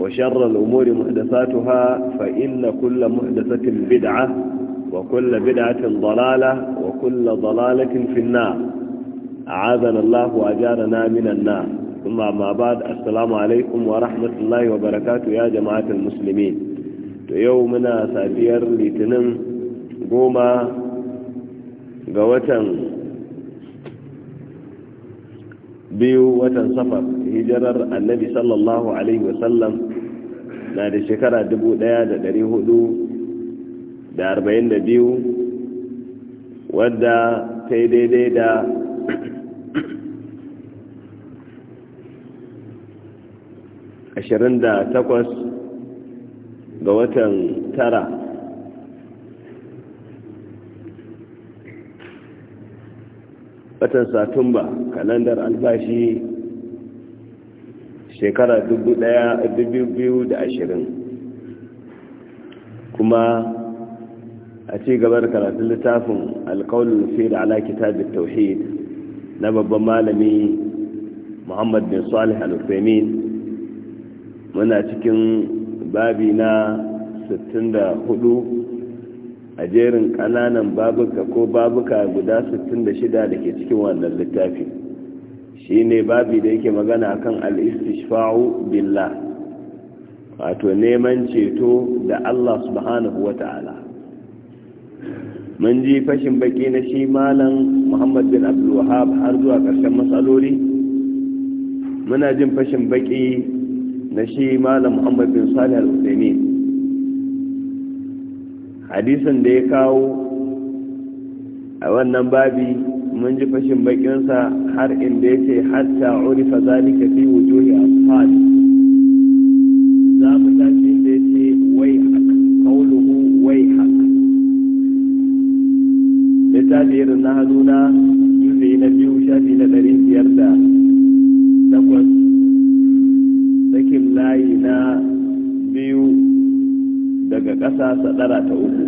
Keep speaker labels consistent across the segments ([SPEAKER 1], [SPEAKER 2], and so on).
[SPEAKER 1] وشر الأمور محدثاتها فإن كل محدثة بدعة وكل بدعة ضلالة وكل ضلالة في النار أعاذنا الله وأجارنا من النار ثم ما بعد السلام عليكم ورحمة الله وبركاته يا جماعة المسلمين يومنا سافير لتنم قوما قوتا بيو وتنصفر هجرر النبي صلى الله عليه وسلم na da shekara 1442 wadda ta yi daidai da ashirin da takwas ga watan tara watan satumba kalandar albashi shekara da ashirin kuma a ci gaba da karatun littafin alkaunin mufid ala kitabin tauhid na babban malami muhammad bin salih al-ufemin muna cikin babi na 64 a jerin ƙananan babuka ko babuka guda 66 da ke cikin wannan littafin shi ne babi da yake magana akan al-istishfa'u billah wato neman ceto da Allah subhanahu wata'ala mun ji fashin baki na shi malam Muhammad bin Abdul har zuwa ƙarshen matsaloli muna jin fashin baki na shi malam Muhammad bin Salih al-Uthaymeen hadisin da ya kawo a wannan babi mun ji fashin bakinsa har inda ya ce hatta urifa zalika fi wujuhi ashabi za mu tashi inda ya ce wai hak kauluhu wai hak littafi irin na hannuna juzi na biyu shafi na ɗari biyar da takwas sakin layi na biyu daga ƙasa sadara ta uku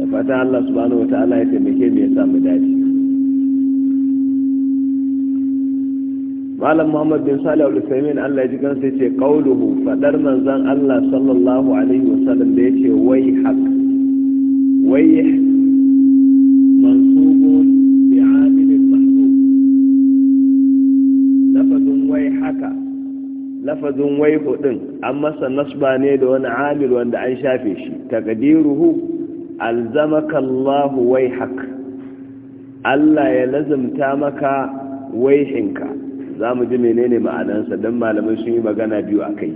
[SPEAKER 1] da fata Allah subhanahu wa ta'ala ya taimake mu ya samu dace malam muhammad bin salih al-usaimin allah ya ji ya ce qauluhu fadar manzan allah sallallahu alaihi wasallam da ce wai haq wai mansubun lafazun wai haka wai hudin an masa nasba ne da wani amil wanda an shafe shi taqdiruhu alzamaka allah wai haka allah ya lazimta maka hinka za mu ji menene ma'anansa don malamai sun yi magana biyu a kai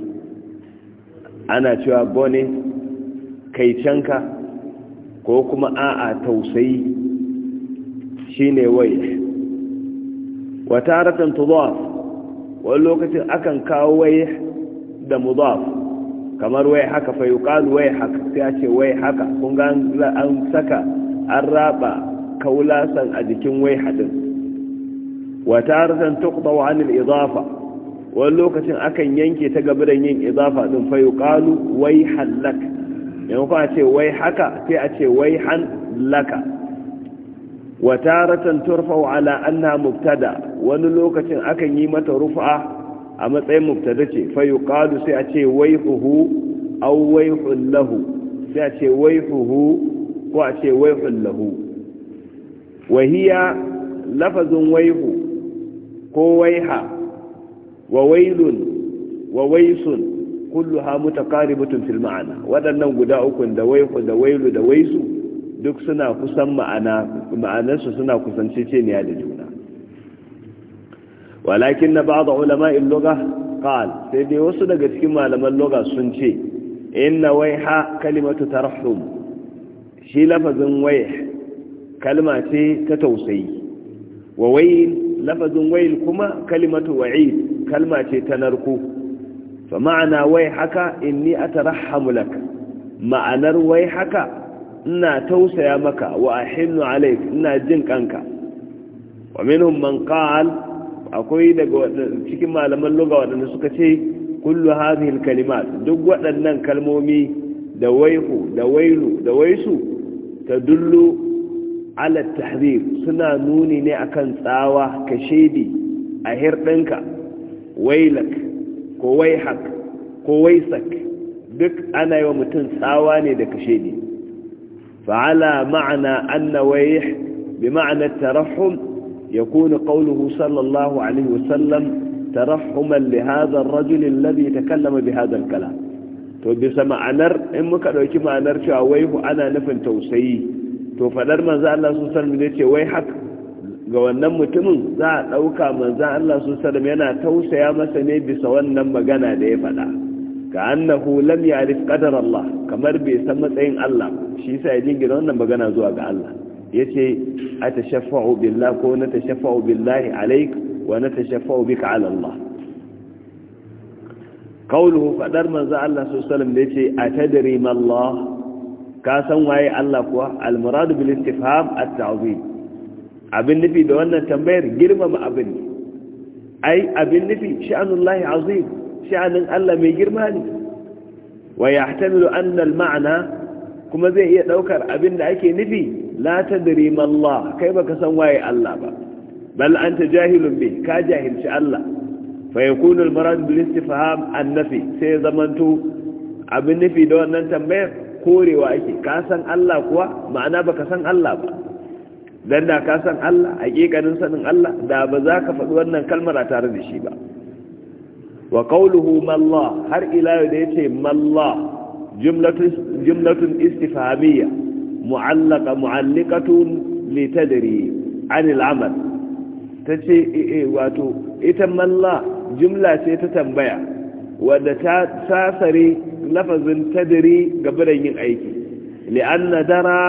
[SPEAKER 1] ana cewa bone canka ko kuma a'a tausayi shine wai wata haratan tudaf wani lokacin akan kawo wai da mudaf kamar wai haka fa yuqalu wai haka sai ce wai haka kun ga an saka an raba kaulasan a jikin wai hadin wa tararra ta tuɓa waɗannan lzafa, wani lokacin a yanke ta gabar yin lzafa don fayuqalu wai halak ina ko a ce wai haka sai a ce wai halaka, wa tararra ta turfa waɗanda ana mabtada, wani lokacin akan yi mata rufa a matsayin mabtada ce fayuqalu sai a ce wai huhu au wai hunlahu sai a wai huhu ko a wai hunlahu, wa hiya lafa waihu. ko waiha wa wailun wa waisun kulluha mutaqaribatun fil ma'ana wadannan guda uku da waihu da wailu da waisu duk suna kusan ma'ana suna kusance ce ne da juna walakin na ba'd ulama'il lugha qal sai dai wasu daga cikin malaman lugha sun ce inna waiha kalimatu tarhum shi lafazin waih kalma ce ta tausayi wa wail lafazin wail kuma kalimatu wa'id kalma ce ta narko fa ma'ana wai haka inni atarahhamu lak ma'anar wai haka ina tausaya maka wa ahinnu alayk ina jin kanka wa minhum man qala akwai daga cikin malaman lugha waɗanda suka ce kullu hadhihi alkalimat duk waɗannan kalmomi da waihu da wailu da waisu tadullu ala tahrir suna nuni ne akan tsawa ka shedi a hirɗinka wailak ko waihak ko waisak duk ana yi wa mutum tsawa ne da ka shedi fa'ala ma'ana anna waih bi ma'ana tarahum يكون قوله صلى الله عليه وسلم ترحما لهذا الرجل الذي bi بهذا الكلام to bisa ma'anar in muka ɗauki ma'anar cewa waihu ana nufin tausayi to fadar manzo Allah su sallam ne ce wai haka ga wannan mutumin za a ɗauka manzo Allah su sallam yana tausaya masa ne bisa wannan magana da ya faɗa ka annahu lam ya'rif qadar Allah kamar bai san matsayin Allah shi yasa ya jingina wannan magana zuwa ga Allah yace atashafa'u billahi ko na tashafa'u billahi alayk wa na tashafa'u bika ala Allah qawluhu fadar manzo Allah su sallam ne ce atadri ma Allah ka san waye Allah kuwa al-muradu bil istifham at-ta'zim abin nufi da wannan tambayar girmama abin ai abin nufi sha'anullahi azim sha'anin Allah mai girma ne wa yahtamilu anna al-ma'na kuma zai iya daukar abin da ake nufi la tadri ma Allah kai baka san waye Allah ba bal anta jahilun bi ka jahilci Allah fa yakunu al-murad bil istifham an-nafi sai zamanto abin nufi da wannan tambayar korewa ake ka san Allah kuwa ma'ana baka san Allah ba dan da ka san Allah hakikanin sanin Allah da ba za ka faɗi wannan kalmar a tare da shi ba wa qawluhu mallah har ila da yace mallah jumlatun jumlatun istifhamiyya mu'allaqa mu'alliqatun litadri an al'amal tace eh, eh, wato ita mallah jumla ce ta tambaya wadda ta sasare lafazin tadiri ga da yin aiki li'anna dara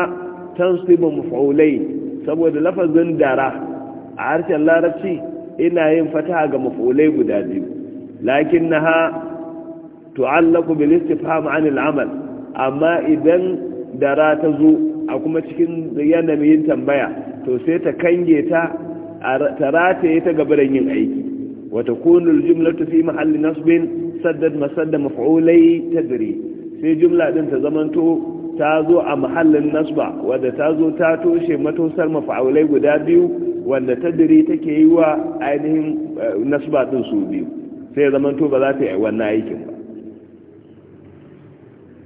[SPEAKER 1] tansibu maf'ulai saboda lafazin dara a harshen larabci ina yin fataha ga maf'ulai guda biyu lakinnaha tu'allaqu bil istifham 'an al-'amal amma idan dara ta zo a kuma cikin yanayin tambaya to sai ta kange ta ta rataye ta gaba da yin aiki wa takunu al-jumlatu fi mahalli nasbin saddad masadda maf'ulai tadri sai jumla din ta zamanto ta zo a mahallin nasba wadda ta zo ta toshe matosar maf'ulai guda biyu wanda tadri take yi wa ainihin eh, nasba din su biyu sai zaman to ba za ta yi wannan aikin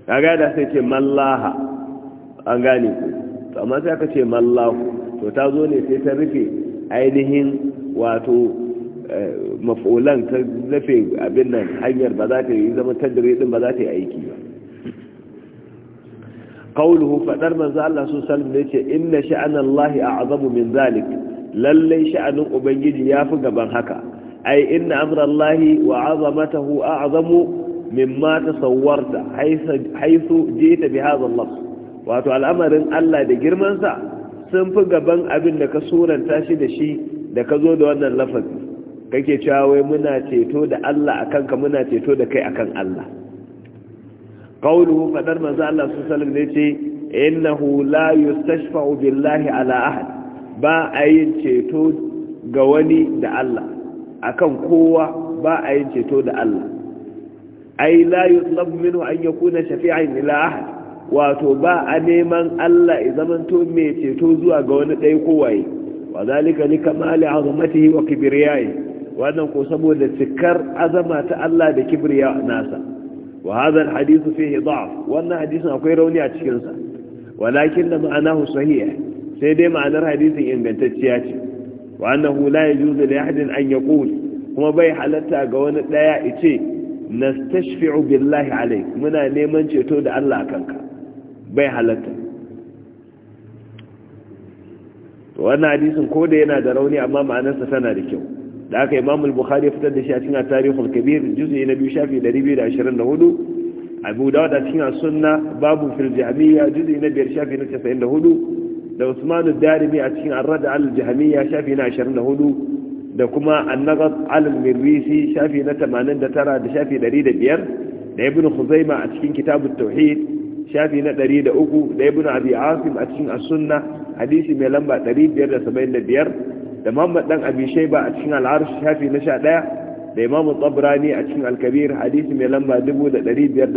[SPEAKER 1] ba a da sai ce mallaha an gane ku amma sai aka ce mallahu to ta zo ne sai ta rufe ainihin wato mafolan ta zafe abin nan hanyar ba za ta yi zama tadiri din ba za ta yi aiki ba qawluhu fadar manzo Allah su sallam ne ce inna sha'ana Allah azabu min zalik lalle sha'anin ubangiji yafi gaban haka ai inna amra Allah wa 'azamatahu a'zamu mimma tasawwarta haythu jita bi hadha al wato al'amarin Allah da girmansa sun fi gaban abin da ka suranta shi da shi da ka zo da wannan lafazi kake cewa wai muna ceto da Allah akan ka muna ceto da kai akan Allah qawluhu fadar manzo Allah sallallahu alaihi wasallam yace ce innahu la yustashfa'u billahi ala ahad ba a yin ceto ga wani da Allah akan kowa ba a yin ceto da Allah ai la yutlab minhu an yakuna shafi'an ila ahad wato ba a neman Allah ya to mai ceto zuwa ga wani ɗaya kowaye wa zalika likamali kamali azamatihi wa kibriyayi wannan ko saboda cikar azama ta Allah da kibriya nasa wa hadha alhadith fihi da'f wannan hadisin akwai rauni a cikin sa walakin da ma'anahu sahih sai dai ma'anar hadisin ingantacciya ce wa annahu la yajuzu li ahadin an yaqul kuma bai halatta ga wani daya yace nastashfi'u billahi alayk muna neman ceto da Allah kanka bai halatta wannan hadisin ko da yana da rauni amma ma'anarsa tana da kyau da aka imam al-bukhari fitar da shi a cikin tarihul kabir juz'i na biyu shafi 224 abu dawud a cikin sunna babu fil jahmiya juz'i na biyar shafi na 94 da usman ad-darimi a cikin ar-rad al-jahmiya shafi na 24 da kuma an-nagat al-mirrisi shafi na 89 da shafi 105 da ibn khuzaima a cikin kitab at-tauhid shafi na 103 da ibn abi asim a cikin as-sunna hadisi mai lamba 575 da Muhammad dan Abi Shayba a cikin al-Arsh shafi na 11 da Imam Tabrani a cikin al-Kabir hadisi mai lamba 1547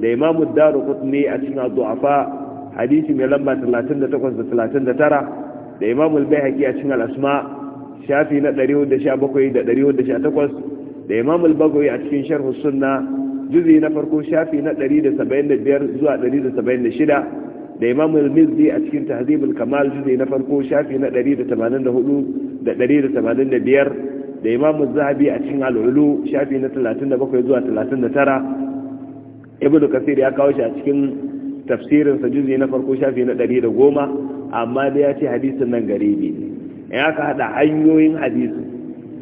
[SPEAKER 1] da Imam Daruqutni a cikin al-Du'afa hadisi mai lamba 38 da 39 da Imam al-Baihaqi a cikin al-Asma shafi na 417 da 418 da Imam al-Bagawi a cikin Sharh sunna juzi na farko shafi na 175 zuwa 176 da imam al-mizdi a cikin tahzib al-kamal juz'i na farko shafi na 184 da 185 da imam az-zahabi a cikin al-ulu shafi na 37 zuwa 39 ibn kasir ya kawo shi a cikin tafsirin sa juz'i na farko shafi na 110 amma da ya ce hadisin nan garibi ne in ka hada hanyoyin hadisi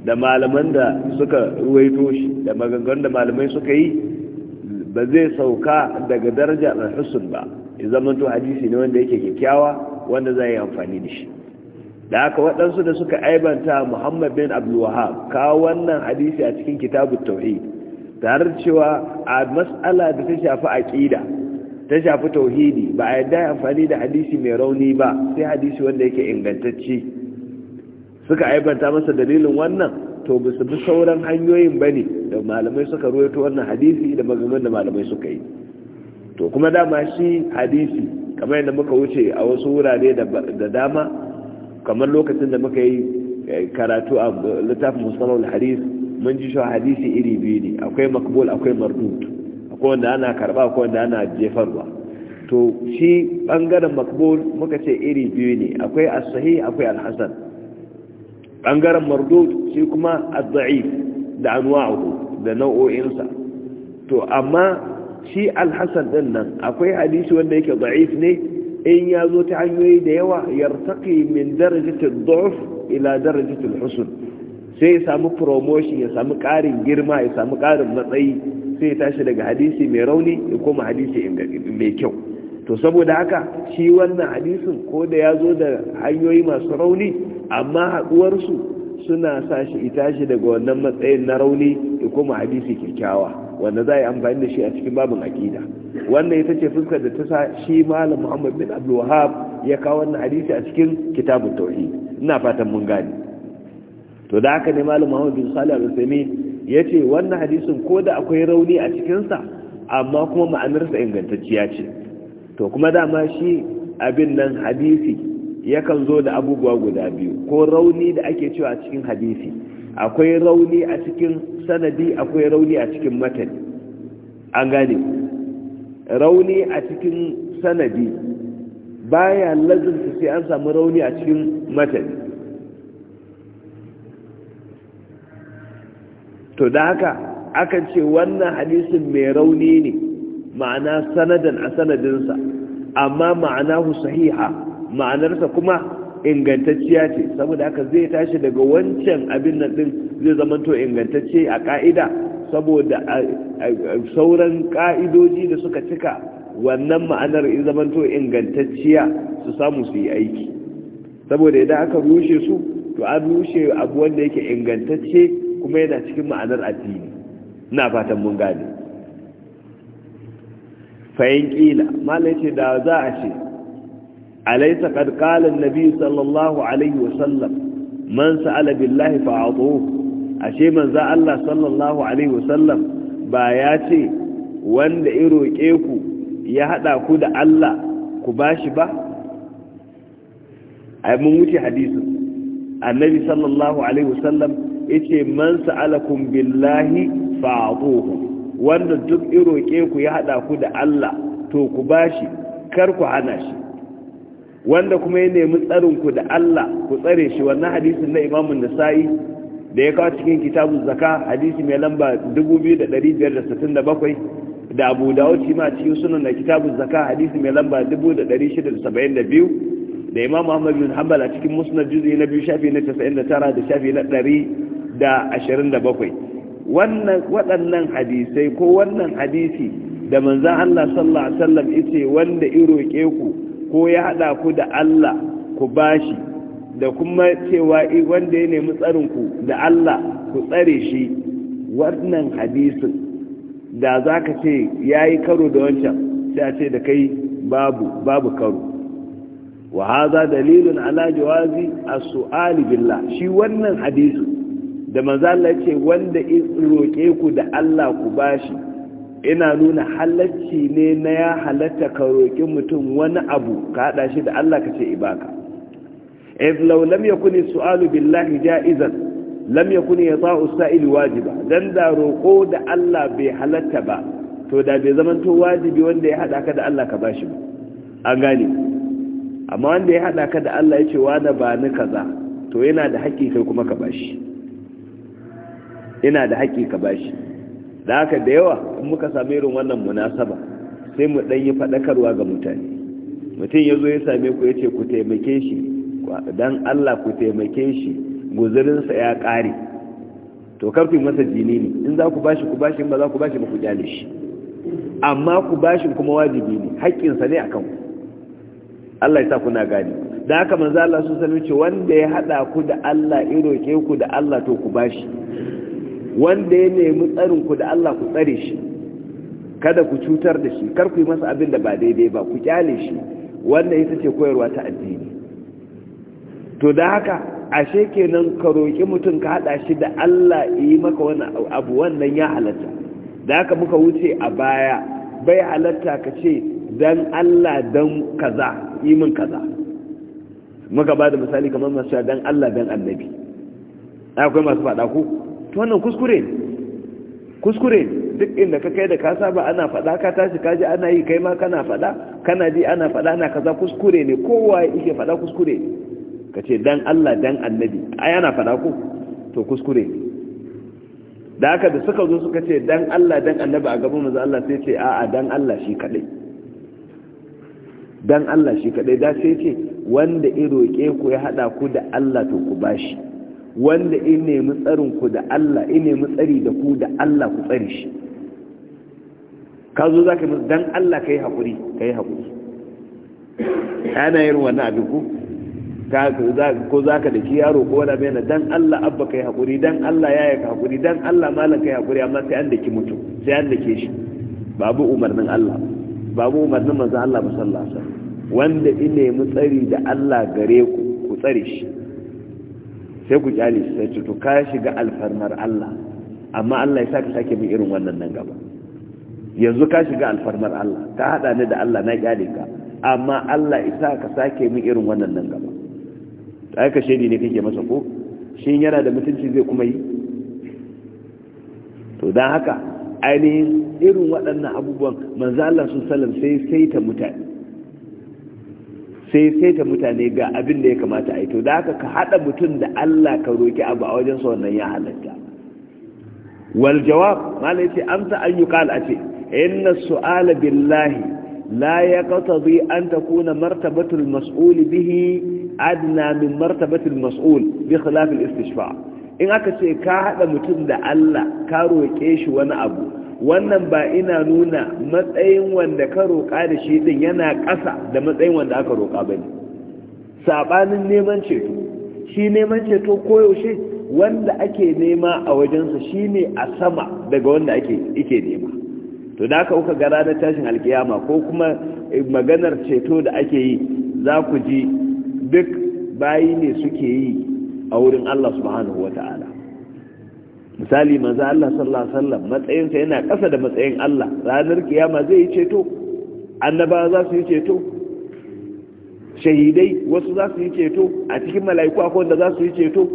[SPEAKER 1] da malaman da suka ruwaito shi da maganganun da malamai suka yi ba zai sauka daga daraja al-husn ba ya zamanto hadisi ne wanda yake kyakkyawa wanda za yi amfani da shi da haka waɗansu da suka aibanta muhammad bin abdulwahab kawo wannan hadisi a cikin kitabu tauhid tare da cewa a matsala da ta shafi aƙida ta shafi tauhidi ba a yadda amfani da hadisi mai rauni ba sai hadisi wanda yake ingantacce suka aibanta masa dalilin wannan to ba su bi sauran hanyoyin ba ne da malamai suka ruwaito wannan hadisi da magaman da malamai suka yi to kuma dama shi hadisi kamar yadda muka wuce a wasu wurare da dama kamar lokacin da muka yi eh, karatu a littafin musamman hadis mun ji shi hadisi iri biyu ne akwai makbul akwai mardut akwai wanda ana karba akwai wanda ana jefarwa to shi bangaren makbul muka ce iri biyu ne akwai as-sahih akwai al-hasan bangaren mardut shi kuma ad-da'if da anwa'uhu da nau'o'insa to amma shi alhassan ɗin nan akwai hadisi wanda yake da'if ne in ya zo ta hanyoyi da yawa yartaqi min darajati ila darajati sai ya samu promotion ya samu ƙarin girma ya samu ƙarin matsayi sai ya tashi daga hadisi mai rauni ya koma hadisi mai kyau to saboda haka shi wannan hadisin ko da ya zo da hanyoyi masu rauni amma haɗuwarsu suna sa shi ya tashi daga wannan matsayin na rauni ya koma hadisi kyakkyawa wanda za a yi amfani da shi a cikin babin aƙida wannan ita ce fuskar da ta sa shi malam muhammad bin abdul wahab ya kawo wannan hadisi a cikin kitabun tauhid ina fatan mun gane to da haka ne malam muhammad bin salih al-usaimi yace wannan hadisin ko da akwai rauni a cikinsa, amma kuma ma'anarsa ingantacciya ce to kuma dama shi abin nan hadisi yakan zo da abubuwa guda biyu ko rauni da ake cewa a cikin hadisi akwai rauni a cikin sanadi akwai rauni a cikin matani an gane rauni a cikin sanadi baya su sai an samu rauni a cikin matani to da haka aka ce wannan hadisin mai rauni ne ma'ana sanadin a sanadinsa amma ma'anahu sahiha ma'anarsa kuma ingantacciya ce saboda haka zai tashi daga wancan abin nan din zai zama to ingantacce a ka'ida saboda sauran ka'idoji da suka cika wannan ma'anar in zama to ingantacciya su samu su yi aiki saboda idan aka rushe su to an rushe abu wanda yake ingantacce kuma yana cikin ma'anar addini na fatan mun gane fayin kila mala ce da za a ce alaysa qad qala an-nabi sallallahu alaihi ashe manzo Allah sallallahu ba ya ce wanda ya ya hada ku Allah ku bashi ba ai mun wuce hadisin annabi sallallahu alaihi wasallam yace man sa'alakum billahi fa'tuhu wanda duk iroke ku ya hada ku da Allah to ku bashi kar ku hana shi wanda kuma ya nemi tsarinku da Allah ku tsare shi wannan hadisin na imamun nasa'i da ya kawo cikin kitabun zaka hadisi mai lamba 2567 da abu dawud shi ma cikin sunan na kitabun zaka hadisi mai lamba 2672 da imam ahmad bin hanbal a cikin musnad juz'i na biyu shafi na 99 da shafi na 127 wannan waɗannan hadisai ko wannan hadisi da manzan Allah sallallahu alaihi wasallam yace wanda iroke ku ko ya haɗa ku da Allah ku bashi da kuma cewa eh, wanda ya nemi tsarinku da Allah ku tsare shi wannan hadisin da za ka ce ya yi karo da wancan sai a ce da kai babu babu karo wa haza dalilun ala jawazi as-su'ali billah shi wannan hadisi da manzo Allah ce wanda in roke ku da Allah ku bashi ina nuna halacci ne na ya halatta ka roƙi mutum wani abu ka haɗa shi da Allah ka ce ibaka if law lam yakuni su'alu billahi ja'izan lam yakuni yata'u sa'il wajiba dan da roƙo da Allah bai halatta ba to da bai to wajibi wanda ya haɗa ka da Allah ka bashi ba an gane amma wanda ya haɗa ka da Allah ya ce wani ba ni kaza to yana da haƙƙi kai kuma ka bashi yana da haƙƙi ka bashi da haka da yawa in muka same irin wannan munasaba sai mu ɗan yi faɗakarwa ga mutane mutum ya zo ya same ku ya ce ku taimake shi don allah ku taimake shi guzurinsa ya ƙare to karfi masa jini ne in za ku bashi ku bashi in ba za ku bashi ba ku kyale shi amma ku bashin kuma wajibi ne haƙƙinsa ne a kan allah ya sa kuna gani da haka manzo Allah su sanu ce wanda ya haɗa ku da Allah ya roƙe ku da Allah to ku bashi wanda ya nemi tsarin ku da Allah ku tsare shi kada ku cutar da shi kar ku yi masa abin da ba daidai ba ku kyale shi wannan ita ce koyarwa ta addini to da haka ashe kenan ka roƙi mutum ka haɗa shi da Allah yi maka wani abu wannan ya halatta da haka muka wuce a baya bai halatta ka ce dan Allah dan kaza yi min kaza muka ba da misali kamar masu dan Allah dan annabi akwai masu faɗa ku to wannan kuskure ne kuskure duk inda ka kai da ka saba ana faɗa ka tashi ka ji ana yi kai ma kana faɗa kana ji ana faɗa na kaza kuskure ne kowa yake faɗa kuskure ne ka ce dan Allah dan annabi ai ana faɗa ko to kuskure ne da haka da suka zo suka ce dan Allah dan annabi a gaban manzo Allah sai ce a'a dan Allah shi kadai dan Allah shi kadai da sai ce wanda ya roke ku ya hada ku da Allah to ku bashi wanda in nemi tsarin ku da Allah in nemi tsari da ku da Allah ku tsari shi ka zo zaka musu dan Allah kai hakuri kai hakuri ana yin wannan abin ku ko za ka da ki yaro ko wani mai dan Allah abba kai hakuri dan Allah ya yi hakuri dan Allah malam kai hakuri amma sai an da ki mutu sai an da ke shi babu umarnin Allah babu umarnin manzon Allah sallallahu alaihi wasallam wanda in mu tsari da Allah gare ku ku tsare shi sai ku kyale shi sai to ka shiga alfarmar Allah amma Allah ya saka sake min irin wannan nan gaba yanzu ka shiga alfarmar Allah ka hada ni da Allah na kyale ka amma Allah ya saka sake min irin wannan nan gaba sai ka shedi ne kake masa ko shi yana da mutunci zai kuma yi to dan haka ainihin irin waɗannan abubuwan manzo Allah sun sallam sai sai ta mutane sai sai ta mutane ga abin da ya kamata a yi to da haka ka haɗa mutum da Allah ka roki abu a wajen sa wannan ya halatta wal jawab malai ce amsa an yi qala ce inna su'ala billahi la zai an ta kuna martabatul mas'ul bihi adna min martabatul mas'ul bi khilaf istishfa in aka ce ka haɗa mutum da Allah ka roke shi wani abu wannan ba ina nuna matsayin wanda ka roƙa da shi din yana ƙasa da matsayin wanda aka roƙa ba ne saɓanin neman ceto shi neman ceto koyaushe wanda ake nema a wajensa shi ne a sama daga wanda ake nema to da aka uka gara na tashin alkiyama ko kuma maganar ceto da ake yi za ku ji duk bayi ne suke yi a wurin allah subhanahu wa ta'ala misali manzo Allah sallallahu alaihi wasallam matsayinsa yana ƙasa da matsayin Allah ranar kiyama zai yi ceto annaba za su yi ceto shahidai wasu za su yi ceto a cikin mala'iku akwai wanda za su yi ceto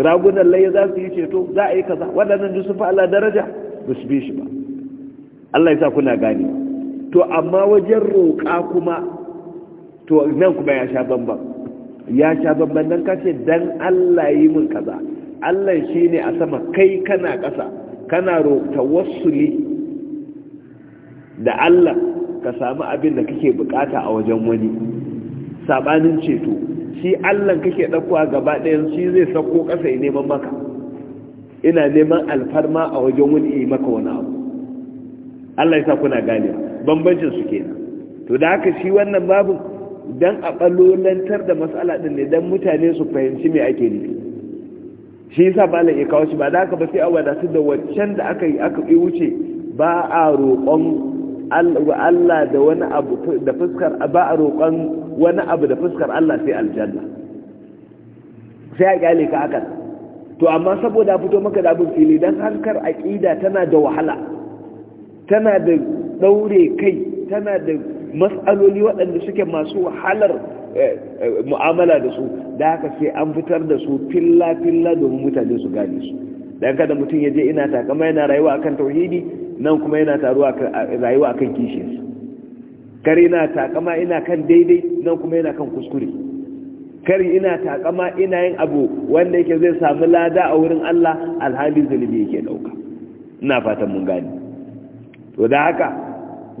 [SPEAKER 1] ragunan laye za su yi ceto za a yi kaza waɗannan duk sun Allah daraja ba su bi shi ba Allah ya sa kuna gane to amma wajen roƙa kuma to nan kuma ya sha bamban ya sha bamban dan kace dan Allah yi min kaza Allah shi ne a sama kai kana ƙasa kana wasuli da Allah ka samu abin da kake bukata a wajen wani sabanin ceto shi Allah kake ɗakuwa gaba ɗayan shi zai sako ƙasa ya neman maka ina neman alfarma a wajen wani yi maka wani abu Allah ya sa kuna gane bambancin su kenan to da haka shi wannan babu dan a ɓallolantar da matsala ɗin ne don mutane su fahimci me ake nufi shi yasa malam ya kawo shi ba da haka ba sai a wadatu da waccan da aka yi aka yi wuce ba a roƙon Allah da wani abu da fuskar ba a roƙon wani abu da fuskar Allah sai aljanna sai a kyale ka akan to amma saboda fito maka da abin fili dan harkar aqida tana da wahala tana da daure kai tana da matsaloli waɗanda suke masu wahalar Eh, mu'amala da su da haka sai an fitar da su filla-filla domin mutane su gane su don kada mutum ya je ina takama yana rayuwa akan tauhidi nan kuma yana rayuwa akan su, kari ina takama ina kan daidai nan kuma yana kan kuskure kari ina takama ina yin abu wanda yake zai samu lada a wurin Allah alhali zulubi yake dauka ina fatan mun gane to da haka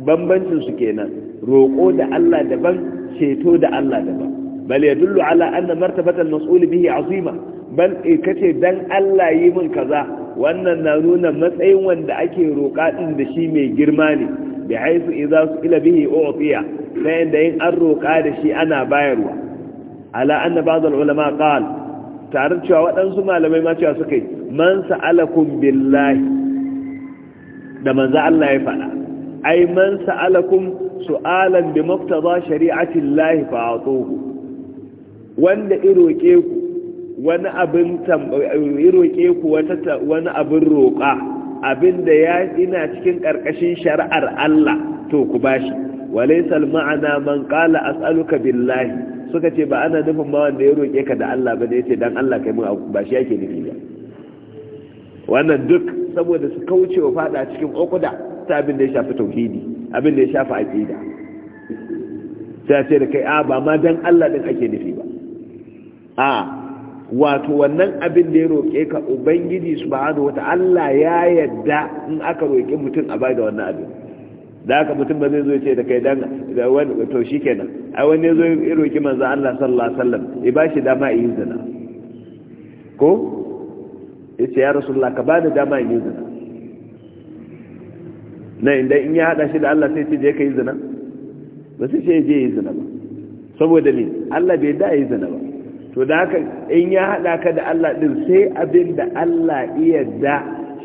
[SPEAKER 1] bambancin su kenan roko da Allah daban ceto da Allah daban bal ya yadullu ala anna martabatal mas'ul bihi azima bal e kace dan Allah yi mun kaza wannan na nuna matsayin wanda ake roƙa din da shi mai girma ne bi haisu idza su'ila bihi u'tiya sai inda in an roƙa da shi ana bayarwa ala anna ba'd al ulama qal tare cewa waɗansu malamai ma cewa suka yi man sa'alakum billahi da manzo Allah ya faɗa ai man sa'alakum su'alan بمقتضى شريعه الله فاعطوه fa'atuhu wanda iroke ku wani abin iroke ku wani abin roƙa abinda ya ina cikin ƙarƙashin shari'ar Allah to ku bashi al ma'ana man qala as'aluka billahi suka ce ba ana nufin ba wanda ya roke ka da Allah ba da yace dan Allah kai mun ba shi yake nufi ba wannan duk saboda su kauce wa fada cikin okuda ta abin da ya shafi tauhidi abin da ya shafa a ƙida ta ce da kai a ba ma don Allah ɗin ake nufi ba a wato wannan abin da ya roƙe ka ubangiji wata Allah ya yadda in aka roƙe mutum a bai da wannan abin da aka mutum ba zai zo ce da kai don da wani to kenan. A wani zo ya roki manzo Allah sallallahu alaihi wasallam ya bashi dama yin zina ko ce ya rasulullah ka bani dama yin zina na inda in ya hada shi da Allah sai ce je ka yi zina ba sai ce je yi zina ba saboda ne Allah bai da yi zina ba to da haka in ya hada ka da Allah din sai abin da Allah iya da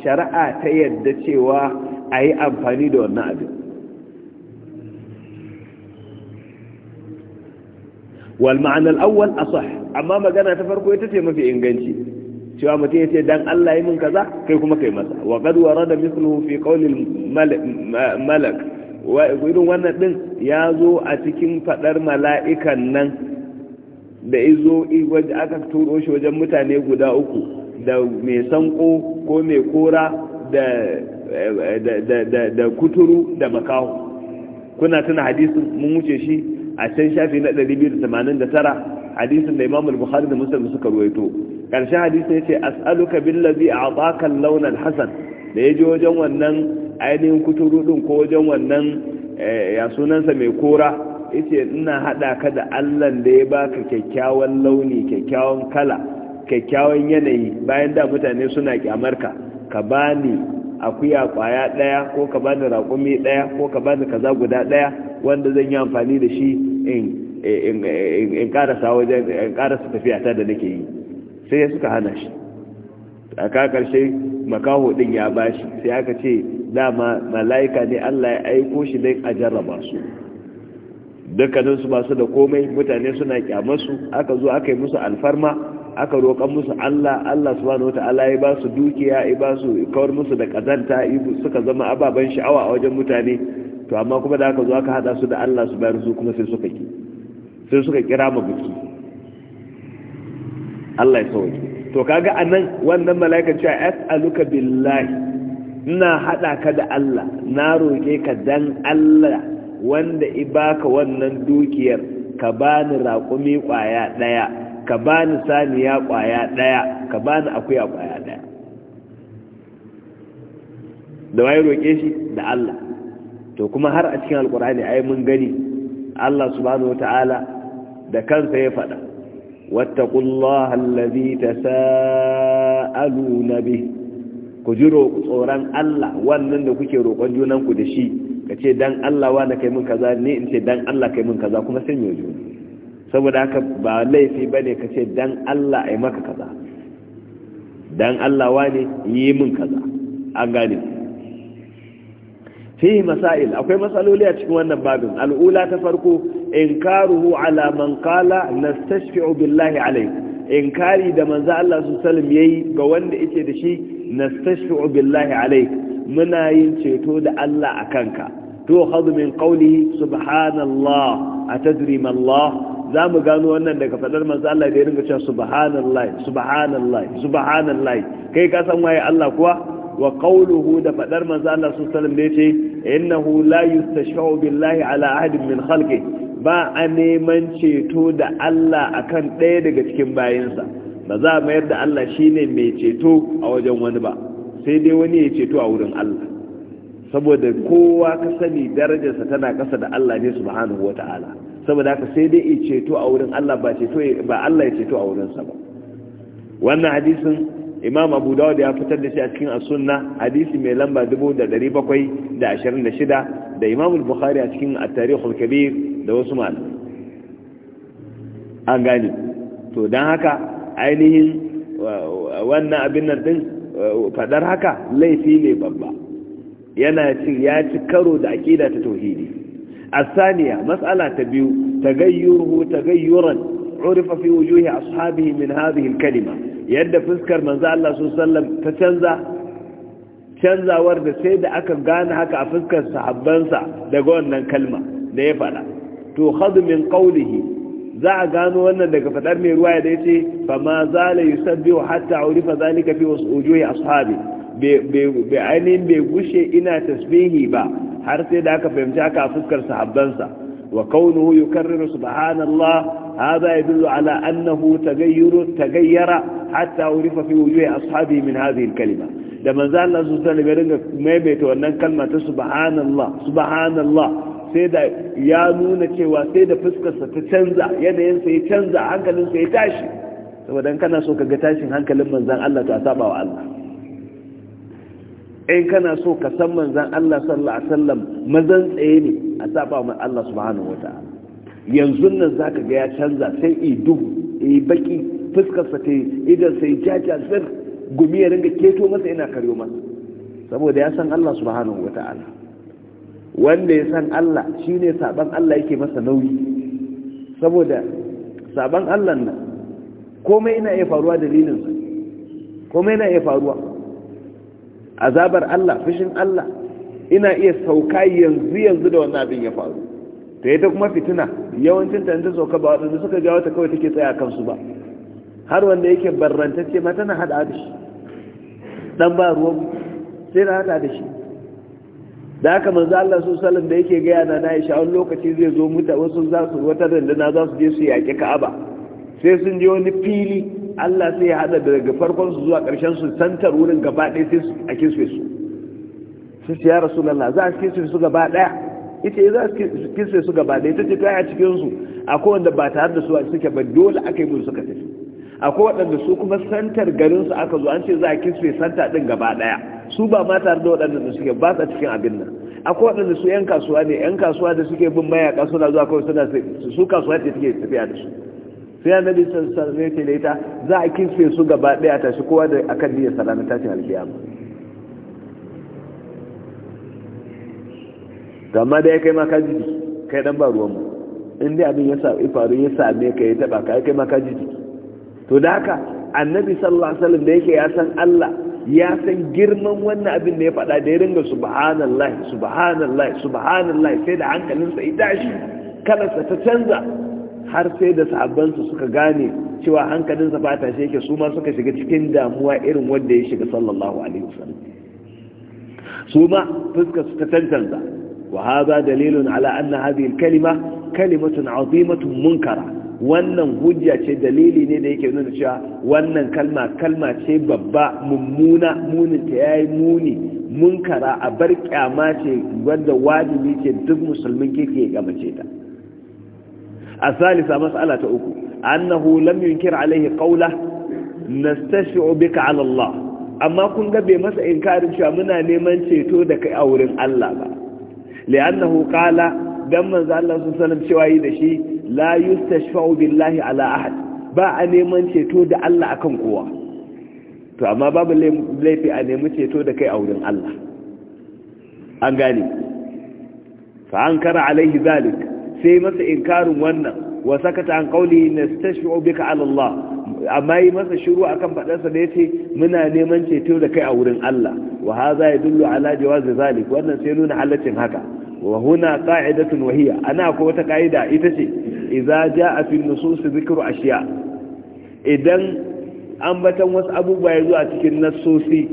[SPEAKER 1] shari'a ta yadda cewa a yi amfani da wannan abin wal ma'anar awwal asah amma magana ta farko ita ce mafi inganci cewa mutum ya ce dan Allah yi min kaza kai kuma kai masa wa qad warada mithluhu fi qawli malak wa irin wannan din ya zo a cikin fadar mala'ikan nan da izo aka turo shi wajen mutane guda uku da mai sanko ko mai kora da da da da kuturu da makaho kuna tuna hadisi mun wuce shi a can shafi na 289 hadisin da Imam Bukhari da Muslim suka ruwaito karshen hadisi ya ce as'aluka billazi a tsakan launar hasan da ya wajen wannan ainihin kuturu ɗin ko wajen wannan eh, ya sunansa mai kora yace ina haɗa ka da allan da ya baka kyakkyawan launi kyakkyawan kala kyakkyawan yanayi bayan da mutane suna kyamar ka ka bani akuya kwaya ɗaya ko ka bani raƙumi ɗaya ko ka bani kaza guda ɗaya wanda zan yi amfani da shi in ƙarasa tafiya ta da nake yi sai ya suka hana shi a ka karshe makaho din ya bashi sai aka ce dama mala'ika ne Allah ya aiko shi dai a jarraba su dukkanin su basu da komai mutane suna kyamarsu aka zo aka yi musu alfarma aka roƙan musu Allah Allah subhanahu wataala ya ba su dukiya ya ba su kawar musu da kazanta suka zama ababen sha'awa a wajen mutane to amma kuma da aka zo aka hada su da Allah su bayar su kuma sai suka ki sai suka kira mabuki Allah ya sauke to kaga anan wannan mala'ika cewa as'aluka billahi ina hada ka da Allah na roke ka dan Allah wanda ibaka wannan dukiyar ka bani raƙumi kwaya daya ka bani saniya kwaya daya ka bani akuya kwaya daya da waye roke shi da Allah to kuma har a cikin alkur'ani ai mun gani Allah subhanahu wataala da kansa ya faɗa واتقوا الله الذي تساءلون به كجرو قران الله wannan da kuke roƙon junan ku da shi kace dan Allah wa na kai mun kaza ne in ce dan Allah kai mun kaza kuma sai mu yi saboda haka ba laifi bane kace dan Allah ai maka kaza dan Allah wa ne yi mun kaza an gane fihi masail akwai masaloli a cikin wannan babin al'ula ta farko inkaruhu ala man na nastashfi'u billahi alayk inkari da manzo Allah sallallahu alaihi yayi ga wanda yake da shi na nastashfi'u billahi alayk muna yin ceto da Allah akanka to khadhu min qawlihi subhanallah a ma Allah za mu gano wannan daga fadar manzo Allah da ya ringa cewa subhanallahi subhanallahi subhanallahi kai ka san waye Allah kuwa wa qawluhu da fadar manzo Allah sallallahu alaihi wasallam da yace innahu la yustashfa'u billahi ala ahadin min khalqi ba a neman ceto da Allah a kan ɗaya daga cikin bayansa ba za a mayar da Allah shine mai ceto a wajen wani ba sai dai wani ya ceto a wurin Allah saboda kowa ka sani darajarsa tana kasa da Allah ne subhanahu wata'ala saboda haka sai dai ya ceto a wurin Allah ba ceto ba Allah ya ceto a wurinsa ba wannan hadisin imam abu dawud ya fitar da shi a cikin as sunnah hadisi mai lamba 1726 da imam al-bukhari a cikin at-tarikh al-kabir da wasu malamai an gani. to don haka ainihin wannan abin nan din fadar haka laifi ne babba yana cin ya ci karo da akida ta tauhidi asaniya mas'ala ta biyu tagayyuruhu tagayyuran urifa fi wujuhi ashabihi min hadhihi kalima yadda fuskar manzo Allah sallallahu ta canza canzawar da sai da aka gane haka a fuskar sahabbansa daga wannan kalma da ya fada to min qawlihi za a gano wannan daga fadar mai ruwa da yace fa ma zala yusabbihu hatta urifa zalika fi wujuhi ashabi bai ainihin bai gushe ina tasbihi ba har sai da aka fahimci aka a fuskar sahabbansa wa kaunuhu yukarriru subhanallah هذا يدل على أنه تغير تغير حتى عرف في وجوه أصحابه kalima da الكلمة لما زال الله سبحانه وتعالى ميميت maimaita كلمة سبحان الله سبحان subhanallah. sai da ya nuna cewa sai da fuskarsa ta canza yanayinsa ya canza hankalinsa ya tashi saboda kana so ka ga tashin hankalin manzan Allah ta a saba wa Allah in kana so ka san manzan Allah sallallahu alaihi wasallam mazan tsaye ne a saba wa Allah subhanahu wataala yanzu nan zaka ga ya canza sai i duhu i baki fuskarsa ta idan sai jaja sir gumi ya ringa keto masa ina karyo masa saboda ya san Allah subhanahu wataala wanda ya san Allah shi ne saban Allah yake masa nauyi saboda saban Allah na komai ina iya faruwa dalilinsa, komai ina iya faruwa azabar Allah fushin Allah ina iya sauka yanzu yanzu da wannan abin ya faru yi ta kuma fitina yawancin ta ta sauka ba waɗanda suka jawo ta kawai take a kansu ba har wanda yake barrantacce ma tana hada da shi dan ba ruwan sai na hada da shi da haka manzo Allah su sallam da yake gaya na Aisha wani lokaci zai zo muta wasu za su wata dandana za su je su yaƙi Ka'aba sai sun je wani fili Allah sai ya hada daga farkon su zuwa ƙarshen su santar wurin gaba ɗaya sai a kiswe su sai su ya Rasulullah za a kiswe su gaba ɗaya ita za su kiswe su gaba ɗaya ita ce kai a cikin su akwai wanda ba tare da su a suke ba dole aka yi musu suka tafi akwai waɗanda su kuma santar garin su aka zo an ce za a kiswe santa ɗin gaba ɗaya su ba ma tare da waɗanda suke ba sa cikin abin nan akwai waɗanda su 'yan kasuwa ne 'yan kasuwa da suke bin mayaka suna zuwa kawai suna su kasuwa ce suke tafiya da su sai annabi sallallahu alaihi wasallam ya za a kinse su gaba ɗaya tashi kowa da akan niyyar salama tashin alkiyama gama da ya kai maka jiki kai dan ba ruwan mu in dai abin ya sami faru ya same ka ya taɓa ka kai maka jiki to da haka annabi sallallahu alaihi wasallam da yake ya san Allah ya san girman wannan abin da ya faɗa da ya ringa subhanallah subhanallah subhanallah sai da hankalinsa ya tashi kalarsa ta canza har sai da sahabbansa suka gane cewa hankalinsa ba ta yake su ma suka shiga cikin damuwa irin wanda ya shiga sallallahu alaihi wasallam su su ta cancanza wa hadha dalilun ala anna hadhihi kalima kalimatun azimatun munkara wannan hujja ce dalili ne da yake nuna cewa wannan kalma kalma ce babba mummuna munin ta yayi muni munkara a bar kyama ce wanda wajibi ce duk musulmin kike ya gamace ta a salisa mas'ala ta uku annahu lam yunkir alaihi qawla nastashi'u bika ala Allah amma kun ga bai masa inkarin cewa muna neman ceto da kai a wurin Allah ba li'annahu qala dan manzo Allah sallallahu alaihi wasallam cewa yi da shi la yustashfa'u billahi ala ahad ba a neman ceto da Allah akan kowa to amma babu laifi a nemi ceto da kai a wurin Allah an gane fa an kara alaihi zalik sai masa inkarin wannan wa sakata an qawli nastashfa'u bika ala Allah amma yi masa shiru akan sa da yace muna neman ceto da kai a wurin Allah wa hadha yadullu ala jawazi zalik wannan sai nuna halaccin haka wa huna qa'idatun wahiya ana ko wata ka'ida ita ce idza jaa fi nusus dhikru ashiya idan ambatan wasu abubuwa ya zuwa cikin nassosi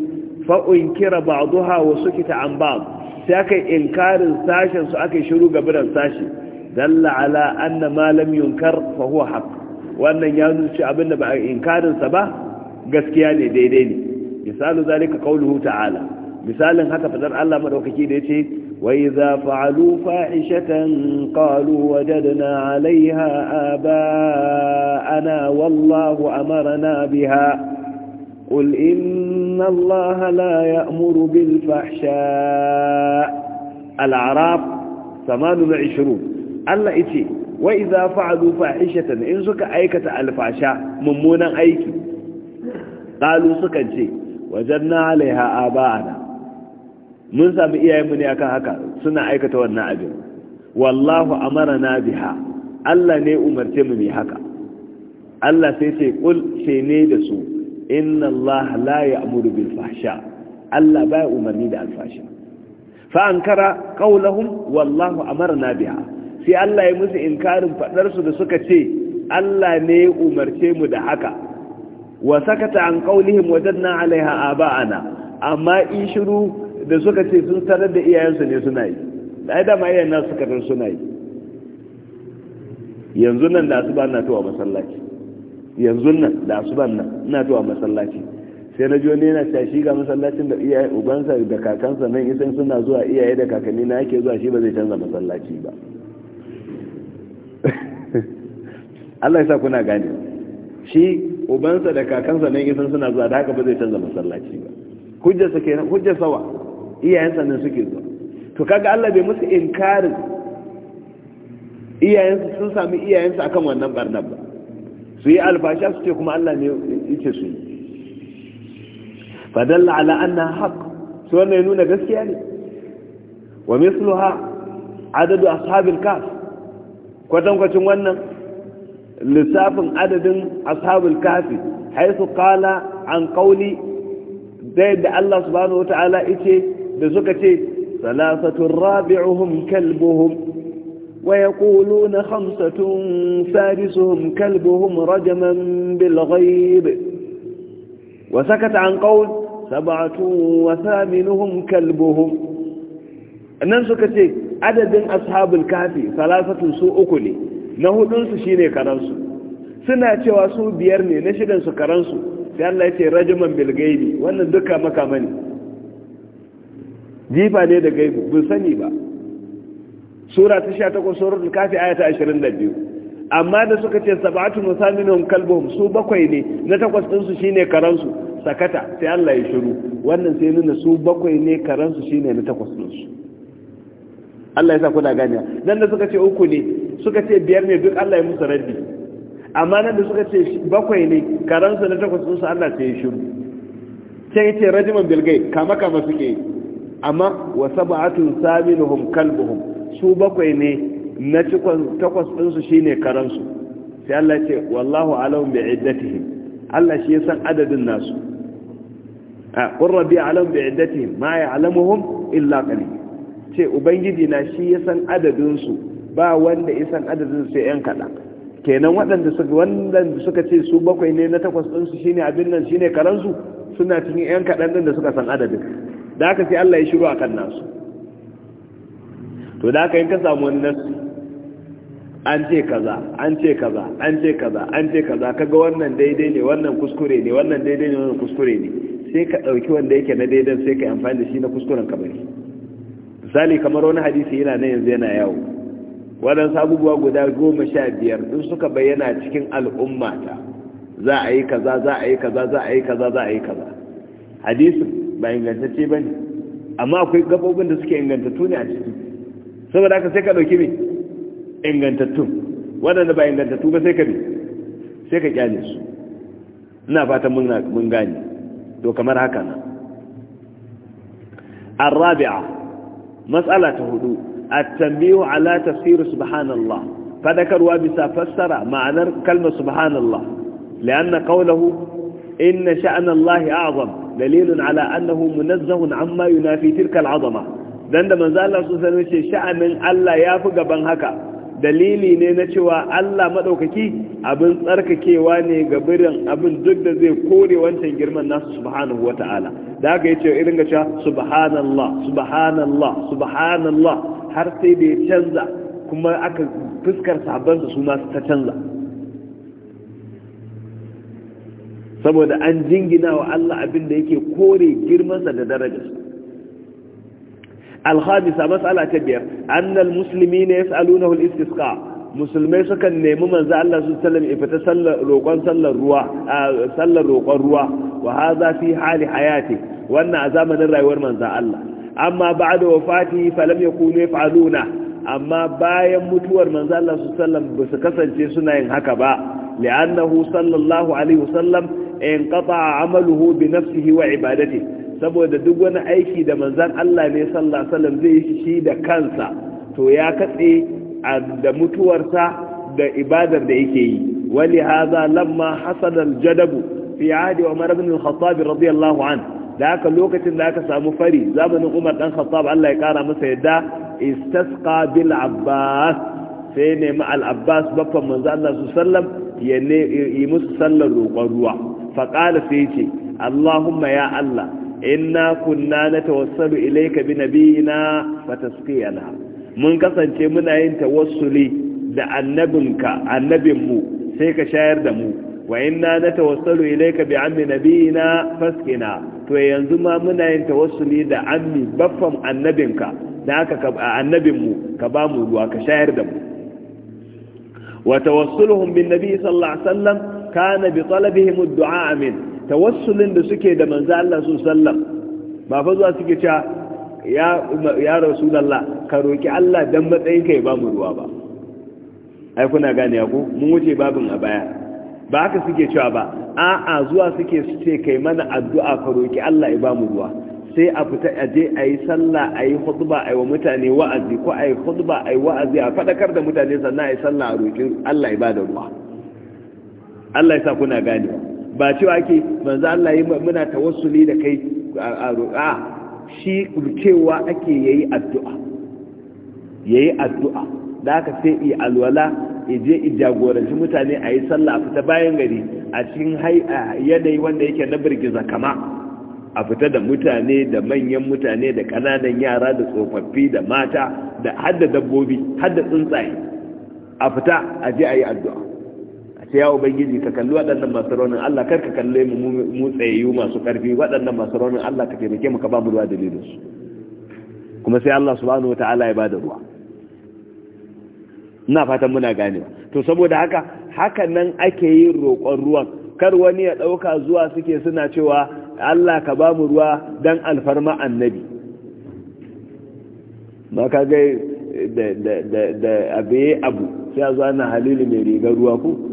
[SPEAKER 1] fa unkira ba'daha wasu sukita an ba'd sai aka inkarin sashen su aka shiru ga biran sashi dalla la'ala anna ma lam yunkar fa wannan ya nuna abinda ba inkarin sa ba gaskiya ne daidai ne misalu zalika qauluhu ta'ala misalin haka fadar Allah maɗaukaki da ce. وإذا فعلوا فاحشة قالوا وجدنا عليها آباءنا والله أمرنا بها قل إن الله لا يأمر بالفحشاء العراب ثمان وعشرون ألا إتي وإذا فعلوا فاحشة إن سك أيكة الفحشاء ممونا أيكي قالوا سكنتي وجدنا عليها آباءنا mun sami iyayenmu ne akan haka suna aikata wannan abin wallahu amarana biha Allah ne umarce mu mai haka Allah sai sai kul sai ne da su inna Allah la ya'muru bil fahsha Allah baya umarni da alfasha fa ankara qawluhum wallahu na biha sai Allah ya musu inkarin fadar su da suka ce Allah ne umarce mu da haka wa sakata an qawlihim wajadna alaiha aba'ana amma in shiru da suka ce sun tarar da iyayensu ne suna yi da ai dama iyayen nasu suka tarar suna yi yanzu nan da asuba na tuwa masallaci yanzu nan da asuba nan na tuwa masallaci sai na ne yana tashi ga masallacin da iyaye ubansa da kakansa nan isan suna zuwa iyaye da kakanni na yake zuwa shi ba zai canza masallaci ba Allah ya sa kuna gane shi ubansa da kakansa nan isan suna zuwa da haka ba zai canza masallaci ba hujjar sa kenan hujjar sawa iyayensa nan suke zuwa to kaga Allah bai musu inkarin iyayensu sun sami iyayensu akan wannan barnar ba su yi alfasha su ce kuma Allah ne yake su yi fadalla ala anna haqq su wannan ya nuna gaskiya ne wa misluha adadu ashabil kaf kwatankwacin wannan lissafin adadin ashabil kafi haythu qala an qawli da yadda Allah subhanahu ta'ala yace da suka ce salasatun rabi'uhum kalbuhum wa yaquluna khamsatun sadisuhum kalbuhum rajaman bil ghaib wa sakata an qawl sab'atun wa thaminuhum kalbuhum annan suka ce adadin ashabul kafi salasatun su uku ne na hudun su shine karansu suna cewa su biyar ne na shidan su karansu sai Allah ya ce rajaman bil gaibi wannan duka makama ne jifa ne da gaibu bin sani ba sura ta 18 suratul kafi ashirin da biyu. amma da suka ce sab'atu musaminun kalbohun su bakwai ne na takwas ɗinsu shi ne karansu sakata sai Allah ya shiru wannan sai nuna su bakwai ne karansu ne na takwas ɗinsu. Allah ya sa kuna gani nan da suka ce uku ne suka ce biyar ne duk Allah ya musu raddi amma nan da suka ce bakwai ne karansu na takwas ɗinsu, Allah sai ya shiru sai ya ce rajiman bilgai kama kama suke yi amma wa sab'atun saminuhum kalbuhum su bakwai ne na cikon takwas din su shine karansu sai Allah ce wallahu alam bi iddatihim Allah shi ya san adadin nasu a ah, qurra bi alam bi iddatihim ma ya'lamuhum illa qalil ce ubangiji na shi ya san adadin su ba wanda ya san adadin sai yan kada kenan waɗanda suka waɗanda suka ce su bakwai ne na takwas din su shine abin nan shine karansu suna cikin yan kadan din da suka san adadin da aka sai Allah ya shiru a kan nasu to da aka in ka samu wani nasu an ce kaza an ce kaza an ce kaza an ce kaza ga wannan daidai ne wannan kuskure ne wannan daidai ne wannan kuskure ne sai ka ɗauki wanda yake na daidan sai ka amfani da shi na kuskuren ka bari misali kamar wani hadisi yana na yanzu yana yawo waɗansu abubuwa guda goma sha biyar in suka bayyana cikin al'ummata za a yi kaza za a yi kaza za a yi kaza za a yi kaza hadisin ba ingantacce ba ne amma akwai gabobin da suke ingantattu ne a ciki saboda haka sai ka ɗauki mai ingantattun waɗanda ba ingantattu ba sai ka bi sai ka kyale su ina fatan mun gane to kamar haka na الرابعة مسألة هدوء التنبيه على تفسير سبحان الله فذكر وابسا فسر معنى كلمة سبحان الله لأن قوله إن شأن الله أعظم dalilun ala annahu munazzahun amma yunafi tilka al'azama dan da manzo Allah sun ce sha'anin Allah ya fi gaban haka dalili ne na cewa Allah maɗaukaki abin tsarkakewa ne ga birin abin duk da zai kore wancan girman nasu subhanahu wata'ala da yi yace irin ga subhanallah subhanallah subhanallah har sai da ya canza kuma aka fuskar sabansa su ma ta canza saboda an jingina wa Allah abin da yake kore girmansa da darajarsa alhamisa matsala ta biyar annal musulmi ne ya sa'alunahu al-istisqa musulmai sukan nemi manzo Allah su sallam ya fita sallar roƙon sallar ruwa roƙon ruwa wa fi hali hayati wannan a zamanin rayuwar manza Allah amma ba'da wafati falam yakunu yaf'aluna amma bayan mutuwar manzo Allah su sallam ba su kasance suna yin haka ba li'annahu sallallahu alaihi wasallam in kafa amaluhu bi nafsihi wa ibadati saboda duk wani aiki da manzan Allah ne sallallahu alaihi wasallam zai yi shi da kansa to ya katse da mutuwarsa da ibadar da yake yi wali hadha lamma hasada al-jadabu fi adi umar ibn al-khattab radiyallahu anhu da haka lokacin da aka samu fari zamanin umar dan khattab Allah ya kara masa yadda istasqa bil abbas sai ma al abbas babban manzan Allah su ya ne yi musu sallar roƙon ruwa faƙala sai ce allahumma ya allah na kunna na tawassalu ilaika bi nabiyina fatasqiyana mun kasance muna yin tawassuli da annabinka annabinmu sai ka shayar da mu wa inna na tawassalu ilaika bi ammi nabiyina faskina to yanzu ma muna yin tawassuli da ammi baffan annabinka da haka annabinmu ka ba mu ruwa ka shayar da mu wa tawassuluhum bin nabi sallallahu alaihi wasallam kana bi talabihim ad-du'a min tawassulin da suke da manzo Allah su sallam ba fa zuwa suke cewa ya ya rasulullah ka roki Allah dan matsayin kai ba mu ruwa ba ai kuna gane ku mun wuce babin a baya ba haka suke cewa ba a'a zuwa suke su ce kai mana addu'a ka roki Allah ya ba mu ruwa sai a fita a je a yi sallah a yi hutuba a yi wa mutane wa'azi ko a yi hutuba a yi wa'azi a faɗakar da mutane sannan a yi sallah a roƙin allah ya ba da ruwa Allah ya sa kuna gane ba cewa ake manzo Allah yi muna tawassuli da kai a roƙa shi cewa ake yayi addu'a yayi addu'a da aka sai i alwala ije i jagoranci mutane a yi sallah a fita bayan gari a cikin yanayi wanda yake na birgiza kama a fita da mutane da manyan mutane da kananan yara da tsofaffi da mata da hadda dabbobi hadda tsuntsaye a fita a je a yi addu'a sai ya ubangiji ka kalli waɗannan masu raunin Allah kar ka kalle mu mu tsayayyu masu ƙarfi waɗannan masu raunin Allah ka taimake mu ka ba mu ruwa dalilin su kuma sai Allah subhanahu wataala ya bada ruwa ina fatan muna gane to saboda haka haka nan ake yin roƙon ruwan kar wani ya ɗauka zuwa suke suna cewa Allah ka ba mu ruwa dan alfarma annabi ba ka ga da abu sai a zuwa na halilu mai rigar ruwa ku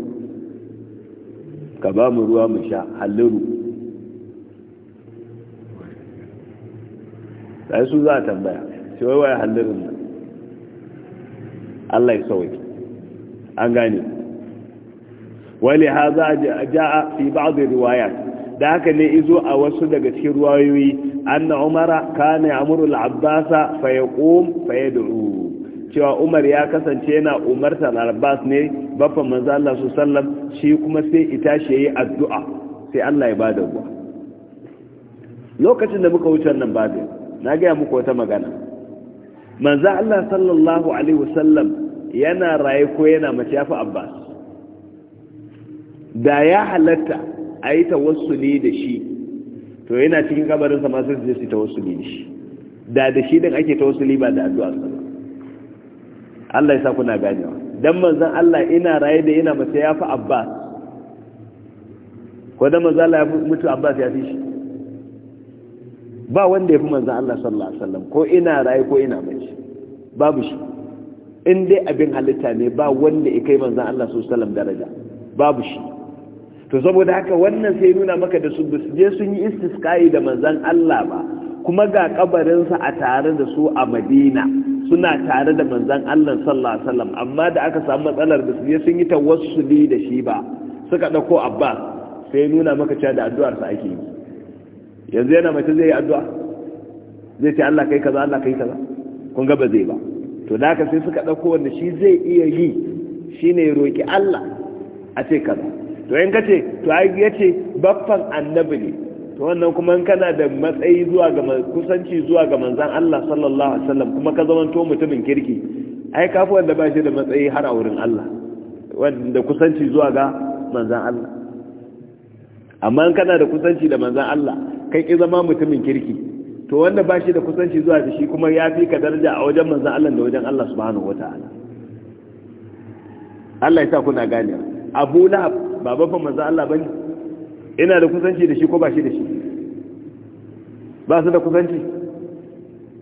[SPEAKER 1] ka ba mu ruwa mu sha halliru sai su za a tambaya shi wai waye hallirin nan Allah ya sauke an gane wali haza ja'a fi ba'd riwayat da haka ne izo a wasu daga cikin ruwayoyi anna umara kana ya'muru al-abbasa fa yaqum cewa umar ya kasance yana umartar albas ne baffan manzan Allah su sallam shi kuma sai ita shi yi addu'a sai Allah ya bada ruwa lokacin da muka wuce nan babin na gaya muku wata magana manzan Allah sallallahu alaihi wasallam yana raye ko yana mace ya fi abbas da ya halatta a yi tawassuli da shi to yana cikin kabarinsa masu su shi su tawassuli da shi da da shi din ake tawassuli ba da addu'a sallallahu Allah ya sa kuna ganewa dan manzon Allah ina raye da ina mace yafi Abbas ko dan manzon Allah ya mutu Abbas ya fi shi ba wanda ya fi manzon Allah sallallahu alaihi wasallam ko ina raye ko ina mace babu shi in dai abin halitta ne ba wanda ya kai manzon Allah sallallahu alaihi wasallam daraja babu shi to saboda haka wannan sai nuna maka da su je sun yi istisqai da manzon Allah ba kuma ga kabarinsa a tare da su a Madina suna tare da manzan Allah sallallahu alaihi wasallam amma da aka samu matsalar da su sun yi tawassuli da shi ba suka dauko Abbas sai nuna maka cewa da addu'ar sa ake yi yanzu yana mace zai yi addu'a zai ce Allah kai kaza Allah kai kaza kun ga ba zai ba to da haka sai suka dauko wanda shi zai iya yi shine ya roki Allah a ce kaza to in kace to ai yace baffan annabi ne to wannan kuma in kana da matsayi zuwa ga kusanci zuwa ga manzan Allah sallallahu alaihi wasallam kuma ka zamanto mutumin kirki ai kafi wanda ba shi da matsayi har a wurin Allah wanda kusanci zuwa ga manzan Allah amma in kana da kusanci da manzan Allah kai ki zama mutumin kirki to wanda ba shi da kusanci zuwa da shi kuma ya fi ka daraja a wajen manzan Allah da wajen Allah subhanahu wataala Allah ya sa kuna gane Abu Lahab baba fa manzan Allah bane ina da kusanci da shi ko ba shi da shi ba su da kusanci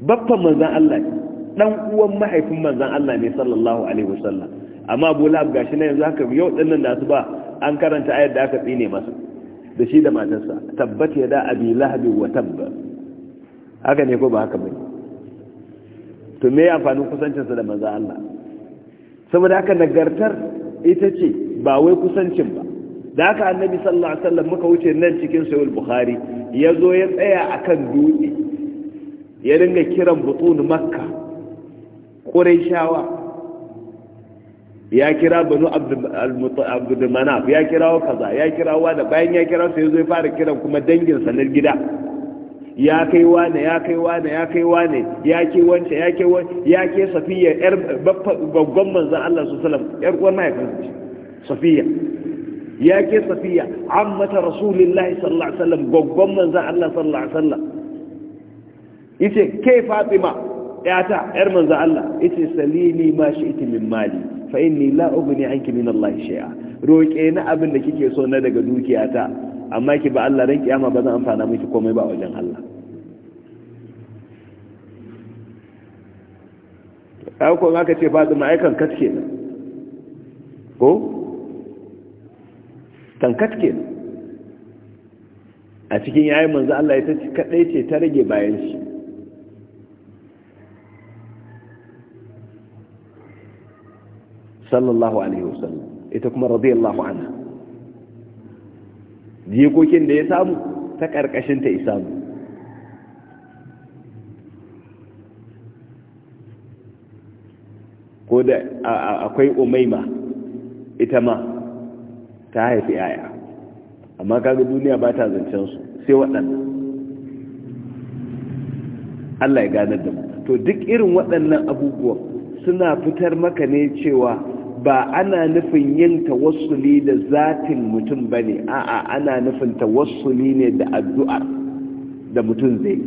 [SPEAKER 1] babban manzan Allah ne dan uwan mahaifin manzan Allah ne sallallahu alaihi wasallam amma Abu Lahab gashi na yanzu haka yau nan da su ba an karanta ayar da aka tsine masa da shi da matarsa tabbata ya da abi lahab wa tabba haka ne ko ba haka bane to me amfanin kusancinsa da manzan Allah saboda haka nagartar ita ce ba wai kusancin ba da haka annabi sallallahu alaihi wasallam muka wuce nan cikin sahih bukhari ya zo ya tsaya akan dutse ya dinga kiran butun makka quraishawa ya kira banu abdul manaf ya kira kaza ya kira da bayan ya kira sai zo ya fara kiran kuma dangin sanar gida ya kai wane ya kai wane ya kai wane ya ke wance ya ke wance ya ke safiya yar babban manzon Allah sallallahu alaihi wasallam yar uwar mahaifinsa safiya ya ke safiya ammata rasulillahi sallallahu alaihi wasallam goggon manzan Allah sallallahu alaihi wasallam yace ke fatima yata yar manzan Allah yace salini ma shi'ti min mali fa inni la ubni anki min Allah shay'a roke ni abin da kike so na daga dukiyata amma ki ba Allah ran kiyama ba zan amfana miki komai ba wajen Allah ko ko aka ce fatima ai kan katke ko tankat ke a cikin yayin manzo Allah ya ce kadai ce ta rage bayan shi sallallahu alaihi wasallam ita kuma radiyallahu anha jikokin da ya samu ta karkashin ta mu ko da akwai umaima ita ma ta haifi yaya amma kaga duniya ba ta zancen su sai waɗannan Allah ya ganar da mu to duk irin waɗannan abubuwan suna fitar maka ne cewa ba ana nufin yin tawassuli da zatin mutum ba ne a'a ana nufin tawassuli ne da addu'ar da mutum zai yi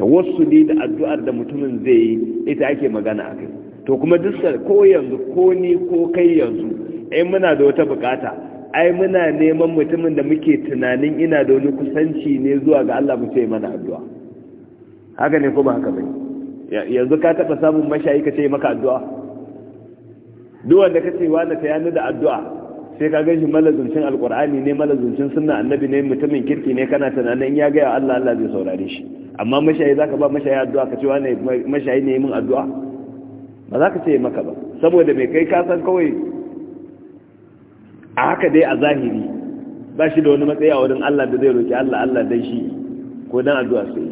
[SPEAKER 1] tawassuli da addu'ar da mutumin zai yi ita ake magana a kai to kuma duk ko yanzu ko ni ko kai yanzu in muna da wata bukata ai muna neman mutumin da muke tunanin ina da wani kusanci ne zuwa ga Allah mu sai mana addu'a haka ne kuma haka bane yanzu ka taba samun mashayi ka ce maka addu'a duk wanda ka ce wanda ta yana da addu'a sai ka ganshi malazuncin alqur'ani ne malazuncin sunna annabi ne mutumin kirki ne kana tunanin ya ga Allah Allah zai saurare shi amma mashayi zaka ba mashayi addu'a ka ce ne mashayi ne min addu'a ba za ka ce maka ba saboda mai kai ka san kawai a haka dai a zahiri ba shi da wani matsayi a wurin Allah da zai roƙi Allah Allah dan shi ko dan addu'a sai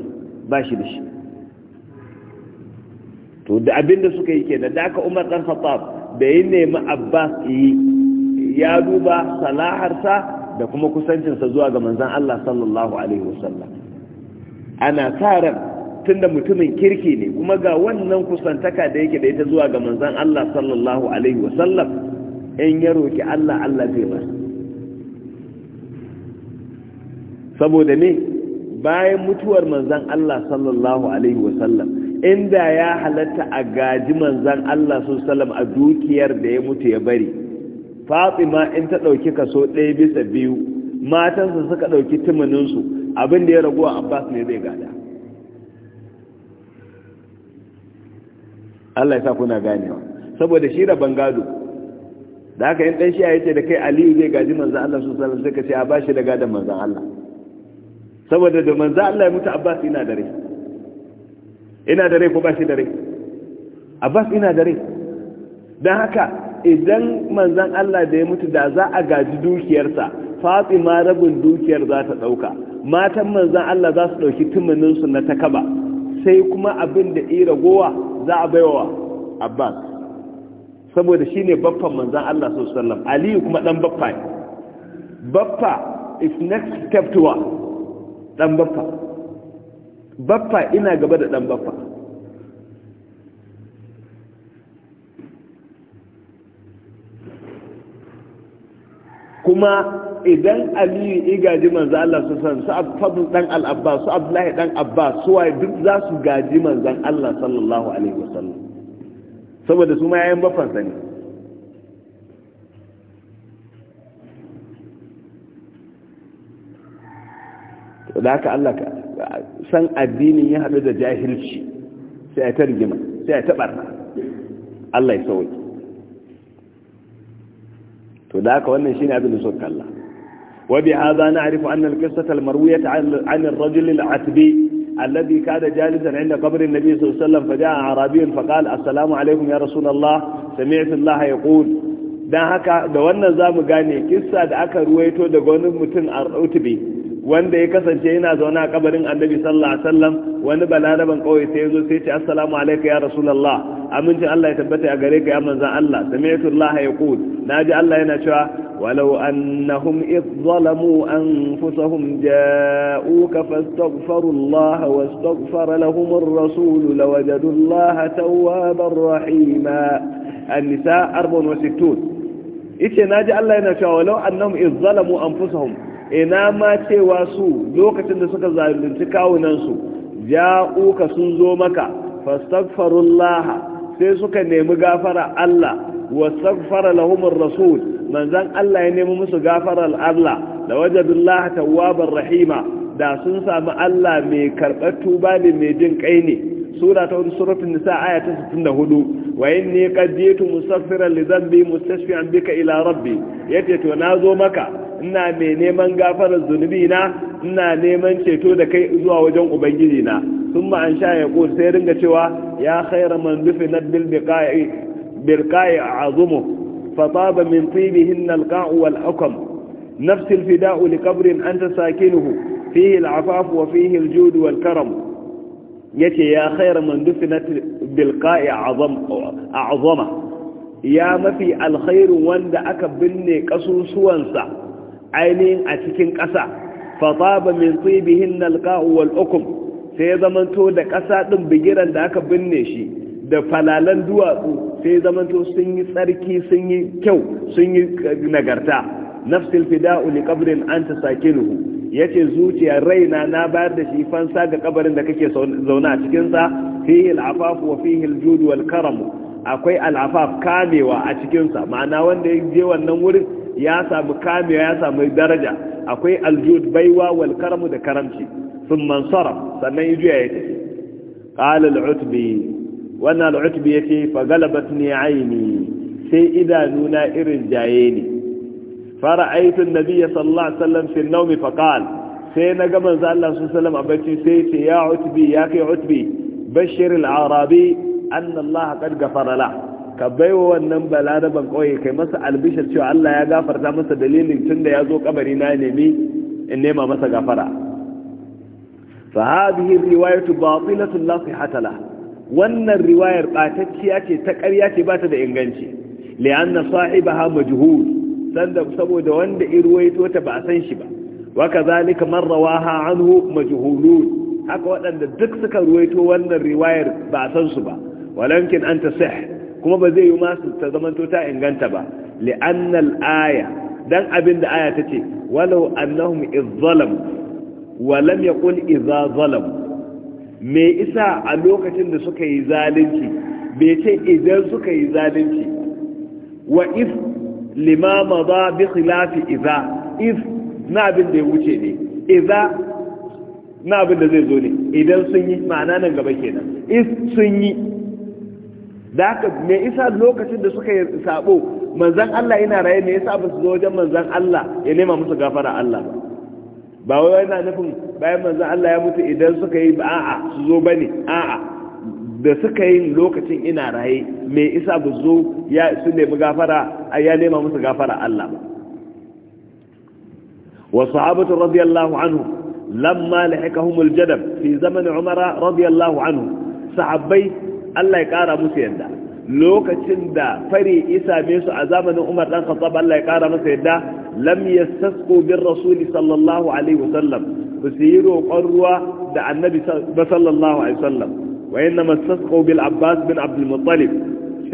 [SPEAKER 1] ba shi da shi to da abin da suka yi kenan da aka Umar dan Khattab da yin nemi Abbas yi ya duba salaharsa da kuma kusancinsa zuwa ga manzon Allah sallallahu alaihi wasallam ana sa ran tunda mutumin kirki ne kuma ga wannan kusantaka da yake da ita zuwa ga manzan Allah sallallahu Alaihi wasallam in ya roki Allah Allah zai ba saboda ne bayan mutuwar manzan Allah sallallahu alaihi wasallam inda ya halatta a gaji manzan Allah sallallahu alaihi a dukiyar da ya mutu ya bari fatima in ta ɗauki kaso ɗaya bisa biyu matansa suka ɗauki timaninsu abin da ya raguwa abbas ne zai gada Allah ya sa kuna ganewa saboda shi rabon gado da haka yin ɗanshi a yace da kai aliyu zai gaji manzan Allah su alaihi sai ka ce a ba bashi da gadon manzan Allah saboda da manzan Allah ya mutu Abbas ina da rai ina da rai ko shi da rai Abbas ina da rai don haka idan manzan Allah da ya mutu da za a gaji dukiyarsa Fatima rabin dukiyar za ta ɗauka, matan manzan Allah za su ɗauki tumunin na na takaba sai kuma abin da gowa za a baiwa Abbas saboda shi ne baffan manzan Allah su sallam aliyu kuma ɗan baffa ne baffa is next step to one ɗan baffa baffa ina gaba da ɗan baffa kuma idan aliyu ya gaji manzan Allah su san su abfadun ɗan al'abba, su abdullahi ɗan abba, su waye duk za su gaji manzan Allah sallallahu alaihi wasallam saboda su ma yayin baffansa ne da haka Allah ka san addinin ya haɗu da jahilci sai a ta rigima sai a ta ɓarna Allah ya sauki to da haka wannan shine abin da suka kalla wa bi hadha na'rifu anna al-qissata al-marwiyata 'an ar-rajul al-atbi الذي كان جالسا عند قبر النبي صلى الله عليه وسلم فجاء أعرابي فقال السلام عليكم يا رسول الله سمعت الله يقول dan haka da wannan zamu gane kissa da aka ruwaito daga wani mutum a Utbe wanda ya kasance yana zaune a kabarin Annabi sallallahu alaihi wasallam wani balaraban kauye sai yazo sai ya ce assalamu alayka ya rasulullah amincin Allah ya tabbata a gare ka ya manzan Allah ya Allah na naji Allah yana cewa walau an annahum idh zalamu an anfusahum ja'uka fastaghfiru Allah wastaghfara lahum ar la lawajadu Allah tawabar rahima an-nisa 64 na naji Allah yana cewa walau an annahum idh zalamu an anfusahum ina ma cewa su lokacin da suka zalunci kawunan su ja'uka sun zo maka fastaghfirullaha sai suka nemi gafara Allah wasaghfara lahum ar-rasul manzon Allah ya nemi musu gafarar Allah da wajadullahi tawwabar rahima da sun samu Allah mai karɓar tuba ne mai jin kai ne sura ta wani suratun nisa aya ta 64 wa inni qad jitu mustaghfiran li dhanbi bika ila rabbi yace to na zo maka ina mai neman gafarar zunubi na ina neman ceto da kai zuwa wajen ubangiji na sun ma an sha ya ko sai ringa cewa ya khaira man dufi na bilka'i a azumu fataba min tibihin nalka'u wal akam nafsil fida'u li kabrin an ta sakinuhu fihi al'afafu wa fihi aljudu wal karam yace ya khaira man dufi na bilka'i a azama ya mafi alkhairun wanda aka binne kasusuwansa ainihin a cikin ƙasa fataba min tsibihin na wal walukum sai ya zamanto da ƙasa ɗin bigiran da aka binne shi da falalan duwatsu sai ya zamanto sun yi tsarki sun yi kyau sun yi nagarta nafsil fida'u li qabrin anta nuhu ya ce zuciya raina na bayar da shi fansa ga kabarin da kake zaune a cikinsa fihi al'afaf wa fihi al wal karam akwai al'afaf kamewa a cikinsa ma'ana wanda ya je wannan wurin ya samu kamiya ya samu daraja akwai aljud baiwa wal karamu da karamci sun mansara sannan yi juya ya tafi ƙala al'utbi wannan al'utbi ya ce fa galabat ni aini sai idanuna irin jaye ne fara aitin nabiya sallallahu alaihi wasallam fi naumi fa sai na ga manzo Allah sallallahu alaihi wasallam a bacci sai ce ya utbi ya kai utbi bashir al-arabi anna Allah qad ghafara lahu ka baiwa wannan balaraban kauye kai masa albishar cewa Allah ya gafarta masa dalilin tunda ya zo kabari na nemi in nema masa gafara fahabihin riwayar riwayatu batilatu la sihhata hatala. wannan riwayar batacciya ce ta ƙarya ce ba ta da inganci li'anna ha majhul sanda saboda wanda irwaito ta ba san shi ba wa kazalika man rawaha anhu majhulun haka waɗanda duk suka ruwaito wannan riwayar ba san su ba Walankin an tasih kuma ba zai yi masu ta zamanto ta inganta ba li'annal aya dan abin da aya tace walau annahum izzalam wa lam yaqul idza zalam me isa a lokacin da suka yi zalunci bai ce idan suka yi zalunci wa if lima mada bi khilafi idza if na abin da ya wuce ne idza na abin da zai zo ne idan sun yi ma'ana nan gaba kenan if sun yi da haka me isa lokacin da suka yi sabo manzan Allah yana raye me yasa ba su zo wajen manzan Allah ya nema musu gafara Allah ba ba wai yana nufin bayan manzan Allah ya mutu idan suka yi a'a su zo bane a'a da suka yi lokacin ina raye me isa ba zo ya su nemi gafara ya nema musu gafara Allah ba wa sahabatu radiyallahu anhu lamma lahikahumul jadab fi zaman umara radiyallahu anhu sahabbai Allah ya kara musu yadda lokacin da fari isa me su a zamanin Umar dan Khattab Allah ya kara masa yadda lam yastasqu bir rasul sallallahu alaihi wasallam fasiru qarwa da annabi sallallahu alaihi wasallam wa inma istasqu bil Abbas bin Abdul Muttalib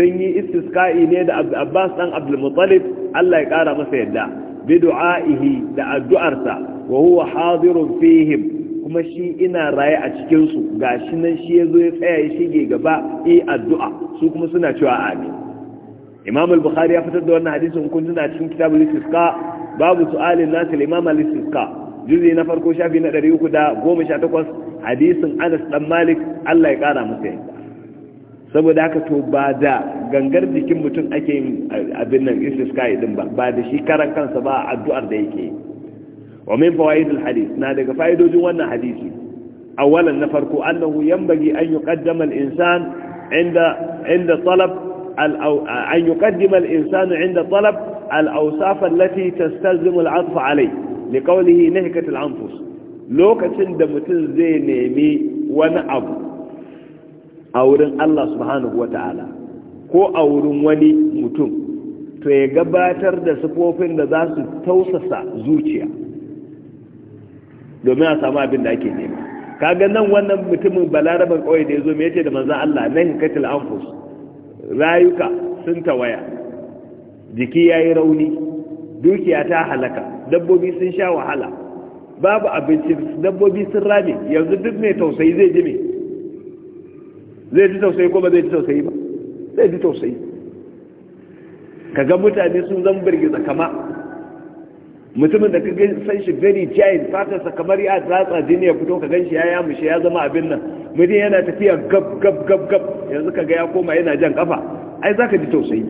[SPEAKER 1] sun yi istisqa'i ne da Abbas dan Abdul Muttalib Allah ya kara masa yadda bi du'a'ihi da addu'arsa wa huwa hadirun fihim kuma shi ina raye a cikinsu ga shi nan shi ya zo ya tsaya ya shige gaba yi addu'a su kuma suna cewa amin imam al-bukhari ya fitar da wannan hadisin kun tuna cikin kitab al babu su'alin nas al-imam al-istisqa juzi na farko shafi na 318 hadisin Anas dan Malik Allah ya kara musu yarda saboda haka to ba da gangar jikin mutum ake yin abin nan istisqa idin ba ba da shi karan kansa ba addu'ar da yake yi wa min fawaidil na daga fa'idodin wannan hadisi awalan na farko annahu yanbaghi an yuqaddama al-insan inda inda talab an yuqaddima al-insan inda talab al-awsaf allati tastalzimu al-'athf alayh liqawlihi nahkat al-anfus lokacin da mutum zai nemi wani abu a wurin Allah subhanahu wata'ala ko a wurin wani mutum to ya gabatar da sufofin da za su tausasa zuciya domin a samu abin da ake nema kaga nan wannan mutumin balaraban kawai da ya zo mai yace da manzan Allah nan katil anfus rayuka sun tawaya jiki ya yi rauni dukiya ta halaka dabbobi sun sha wahala babu abinci dabbobi sun rame yanzu duk mai tausayi zai ji mai zai ji tausayi ko ba zai ji tausayi ba zai ji tausayi kaga mutane sun zan birgiza kama mutumin da ka san shi very giant fatarsa kamar ya ratsa jini ya fito ka gan shi ya yamushe ya zama abin nan mutum yana tafiya gab gab gab gab yanzu ka ga ya koma yana jan kafa ai zaka ji tausayi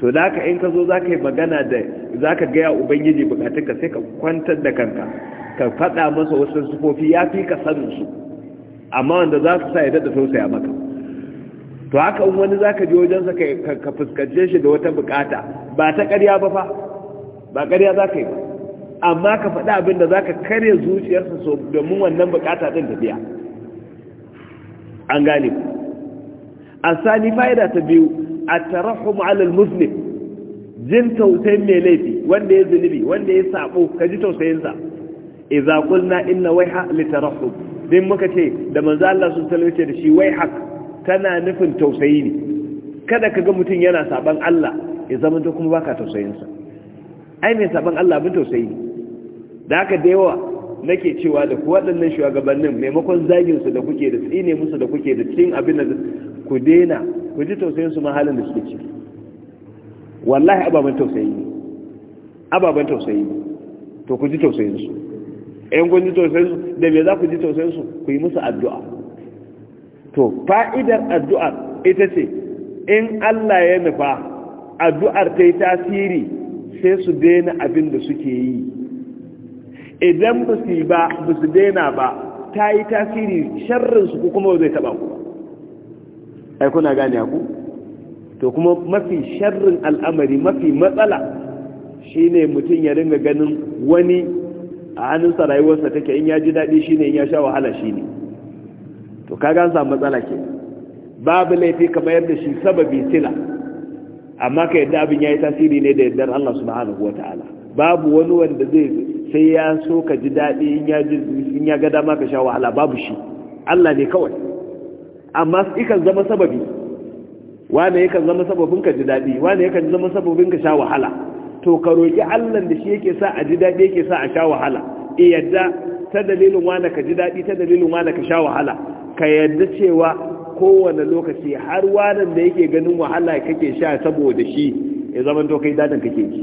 [SPEAKER 1] to da haka in ka zo zaka yi magana da zaka ga ya ubangiji bukatunka sai ka kwantar da kanka ka faɗa masa wasu sufofi ya fi ka sanin su amma wanda za su sa ya daɗa tausaya maka to haka in wani zaka je wajensa ka fuskance shi da wata bukata ba ta ƙarya ba fa ba ƙarya za ka yi ba amma ka faɗi abin da za ka kare zuciyarsa so domin wannan bukata ɗin tafiya an gane ku a sani fa'ida ta biyu a tarahum alal muslim jin tausayin mai laifi wanda ya zunubi wanda ya sabo ka ji tausayinsa iza kulna inna haƙ li tarahum din muka ce da manzo Allah sun talwace da shi wai haƙ tana nufin tausayi ne kada ka ga mutum yana saban Allah ya zama ta kuma baka tausayinsa ai mai saban Allah abin tausayi da haka da yawa nake cewa da ku waɗannan shugabannin maimakon zagin su da kuke da tsine musu da kuke da cin abin da ku daina ku ji tausayin su mahalin da suke ciki wallahi ababen tausayi ne ababen tausayi ne to ku ji tausayin su ɗan kun ji tausayin su da me za ku ji tausayin su ku yi musu addu'a to fa'idar addu'ar ita ce in Allah ya nufa addu'ar ta yi tasiri sai su daina abin da suke yi idan ba su ba ba su daina ba ta yi tasiri sharrinsu ko kuma zai taba ku ai kuna gane ku to kuma mafi sharrin al'amari mafi matsala shine mutum ya ringa ganin wani a hannunsa rayuwarsa take in ya ji daɗi shine in ya sha wahala shine to kaga an samu matsala ke babu laifi kamar yadda shi sababi sila amma ka yadda abin ya yi tasiri ne da yardar Allah subhanahu wa ta'ala babu wani wanda zai sai ya so ka ji daɗi in ya ga dama ka sha wahala babu shi Allah ne kawai amma ikan zama sababi wane yakan zama sababin ka ji daɗi wane yakan zama sababin ka sha wahala to ka roƙi Allah da shi yake sa a ji daɗi yake sa a sha wahala e, yadda ta dalilin wane ka ji daɗi ta dalilin wane ka sha wahala ka yadda cewa kowane lokaci har wanan da yake ganin wahala kake sha saboda shi ya zama to kai dadin kake ji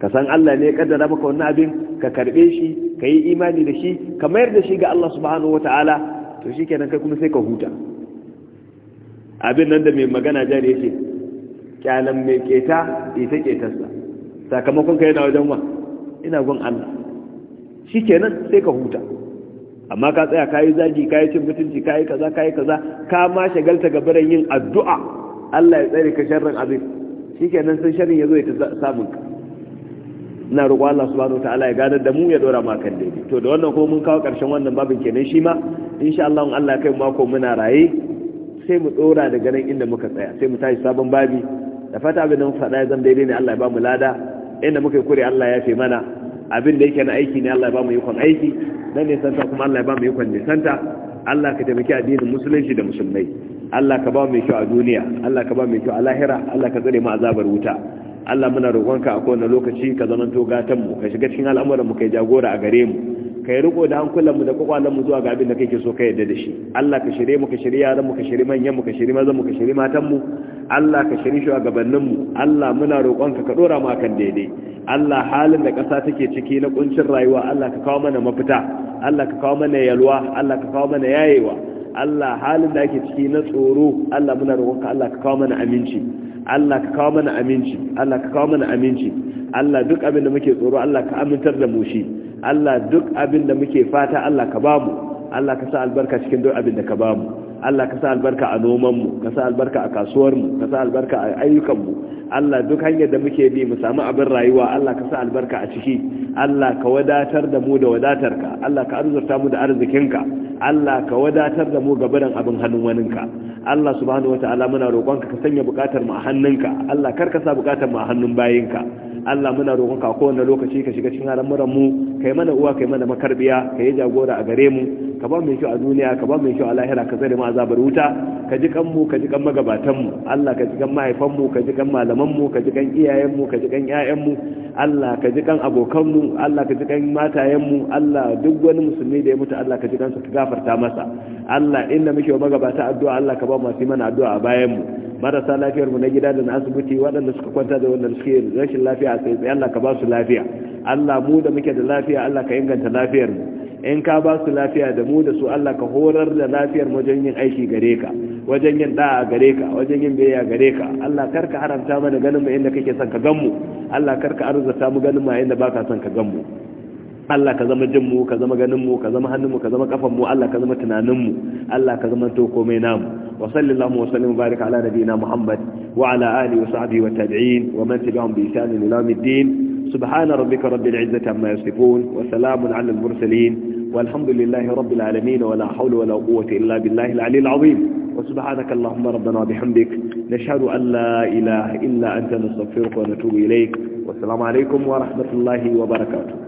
[SPEAKER 1] ka san Allah ne kaddara maka wannan abin ka karbe shi ka yi imani da shi ka mayar da shi ga Allah subhanahu wataala to shikenan kai kuma sai ka huta abin nan da mai magana jari yake kyalan mai keta ita ketarsa sakamakon ka yana wajen wa ina gon Allah shikenan sai ka huta amma ka tsaya kayi zagi kayi cin mutunci kayi kaza kayi kaza ka ma shagalta ga barin yin addu'a Allah ya tsare ka sharrin abin shikenan sun sharrin yazo ya ta samun ka ina roƙo Allah subhanahu wataala ya gadar da mu ya dora ma kan daidai to da wannan kuma mun kawo ƙarshen wannan babin kenan shi ma insha Allah in Allah kai mako muna raye sai mu dora daga nan inda muka tsaya sai mu tashi sabon babi da fata abin da faɗa ya zama daidai ne Allah ya ba mu lada inda muka yi kure Allah ya fi mana abin da yake na aiki ne Allah ya ba mu kon aiki na nisanta kuma Allah ya ba mu ikon nisanta Allah ka taimaki addinin musulunci da musulmai Allah ka ba mu kyau a duniya Allah ka ba mu kyau a lahira Allah ka tsare mu azabar wuta Allah muna roƙonka a kowane lokaci ka zamanto gatan mu ka shiga cikin al'amuran mu kai jagora a gare mu kai riko da hankulanmu da kwakwalanmu zuwa ga abin da kake so ka yadda da shi Allah ka shirye mu ka shirye yaran mu ka shirye manyan mu ka shirye mazan mu ka shirye matan mu Allah ka shirye shugabannin mu Allah muna roƙon ka ka dora mu akan daidai Allah halin da ƙasa take ciki na kuncin rayuwa Allah ka kawo mana mafita Allah ka kawo mana yalwa Allah ka kawo mana yayewa Allah halin da ake ciki na tsoro Allah muna roƙon ka Allah ka kawo mana aminci Allah ka kawo mana aminci Allah ka kawo mana aminci Allah duk abin da muke tsoro Allah ka amintar da mu shi Allah duk abin da muke fata Allah ka bamu Allah ka sa albarka cikin duk abin da ka bamu Allah ka sa albarka a nomanmu ka sa albarka a kasuwarmu ka sa albarka a ayyukanmu Allah duk hanyar da muke bi mu samu abin rayuwa Allah ka sa albarka a ciki Allah ka wadatar da mu da wadatarka Allah ka arzurta mu da arzikinka Allah ka wadatar da mu gabaran abin hannun waninka Allah subhanahu wataala muna roƙonka ka sanya buƙatar mu a hannunka Allah kar ka sa bukatar mu a hannun bayinka Allah muna roƙonka kowane lokaci ka shiga cikin al'amuran mu kai mana uwa kai mana makarbiya ka yi jagora a gare mu ka ba mu kyau a duniya ka ba mu kyau a lahira ka zare mu azabar wuta ka ji kan mu ka ji kan magabatan mu Allah ka ji kan mahaifan mu ka ji kan malaman mu ka ji kan iyayen mu ka ji kan ƴaƴan mu Allah ka ji kan abokan mu Allah ka ji kan matayen mu Allah duk wani musulmi da ya mutu Allah ka ji kan su ka gafarta masa Allah inda muke wa magabata addu'a Allah ka ba mu masu mana addu'a a bayan mu marasa lafiyar mu na gida da na asibiti waɗanda suka kwanta da wanda suke rashin lafiya a tsaye Allah ka ba su lafiya Allah mu da muke da lafiya Allah ka inganta lafiyar mu in ka ba su lafiya da mu da su Allah ka horar da lafiyar wajen yin aiki gare ka wajen yin da'a gare ka wajen yin biyayya gare ka Allah karka haramta mana ganin mu inda kake son ka gan mu Allah karka arzuta mu ganin mu inda baka son ka gan mu Allah ka zama jin mu ka zama ganin mu ka zama hannun mu ka zama kafan mu Allah ka zama tunanin mu Allah ka zama to komai namu wa sallallahu wa sallam baraka ala nabiyyina Muhammad wa ala alihi wa sahbihi wa tabi'in wa man tabi'ahum bi ihsan ila yawmiddin سبحان ربك رب العزة عما يصفون وسلام على المرسلين والحمد لله رب العالمين ولا حول ولا قوة إلا بالله العلي العظيم وسبحانك اللهم ربنا بحمدك نشهد أن لا إله إلا أنت نستغفرك ونتوب إليك والسلام عليكم ورحمة الله وبركاته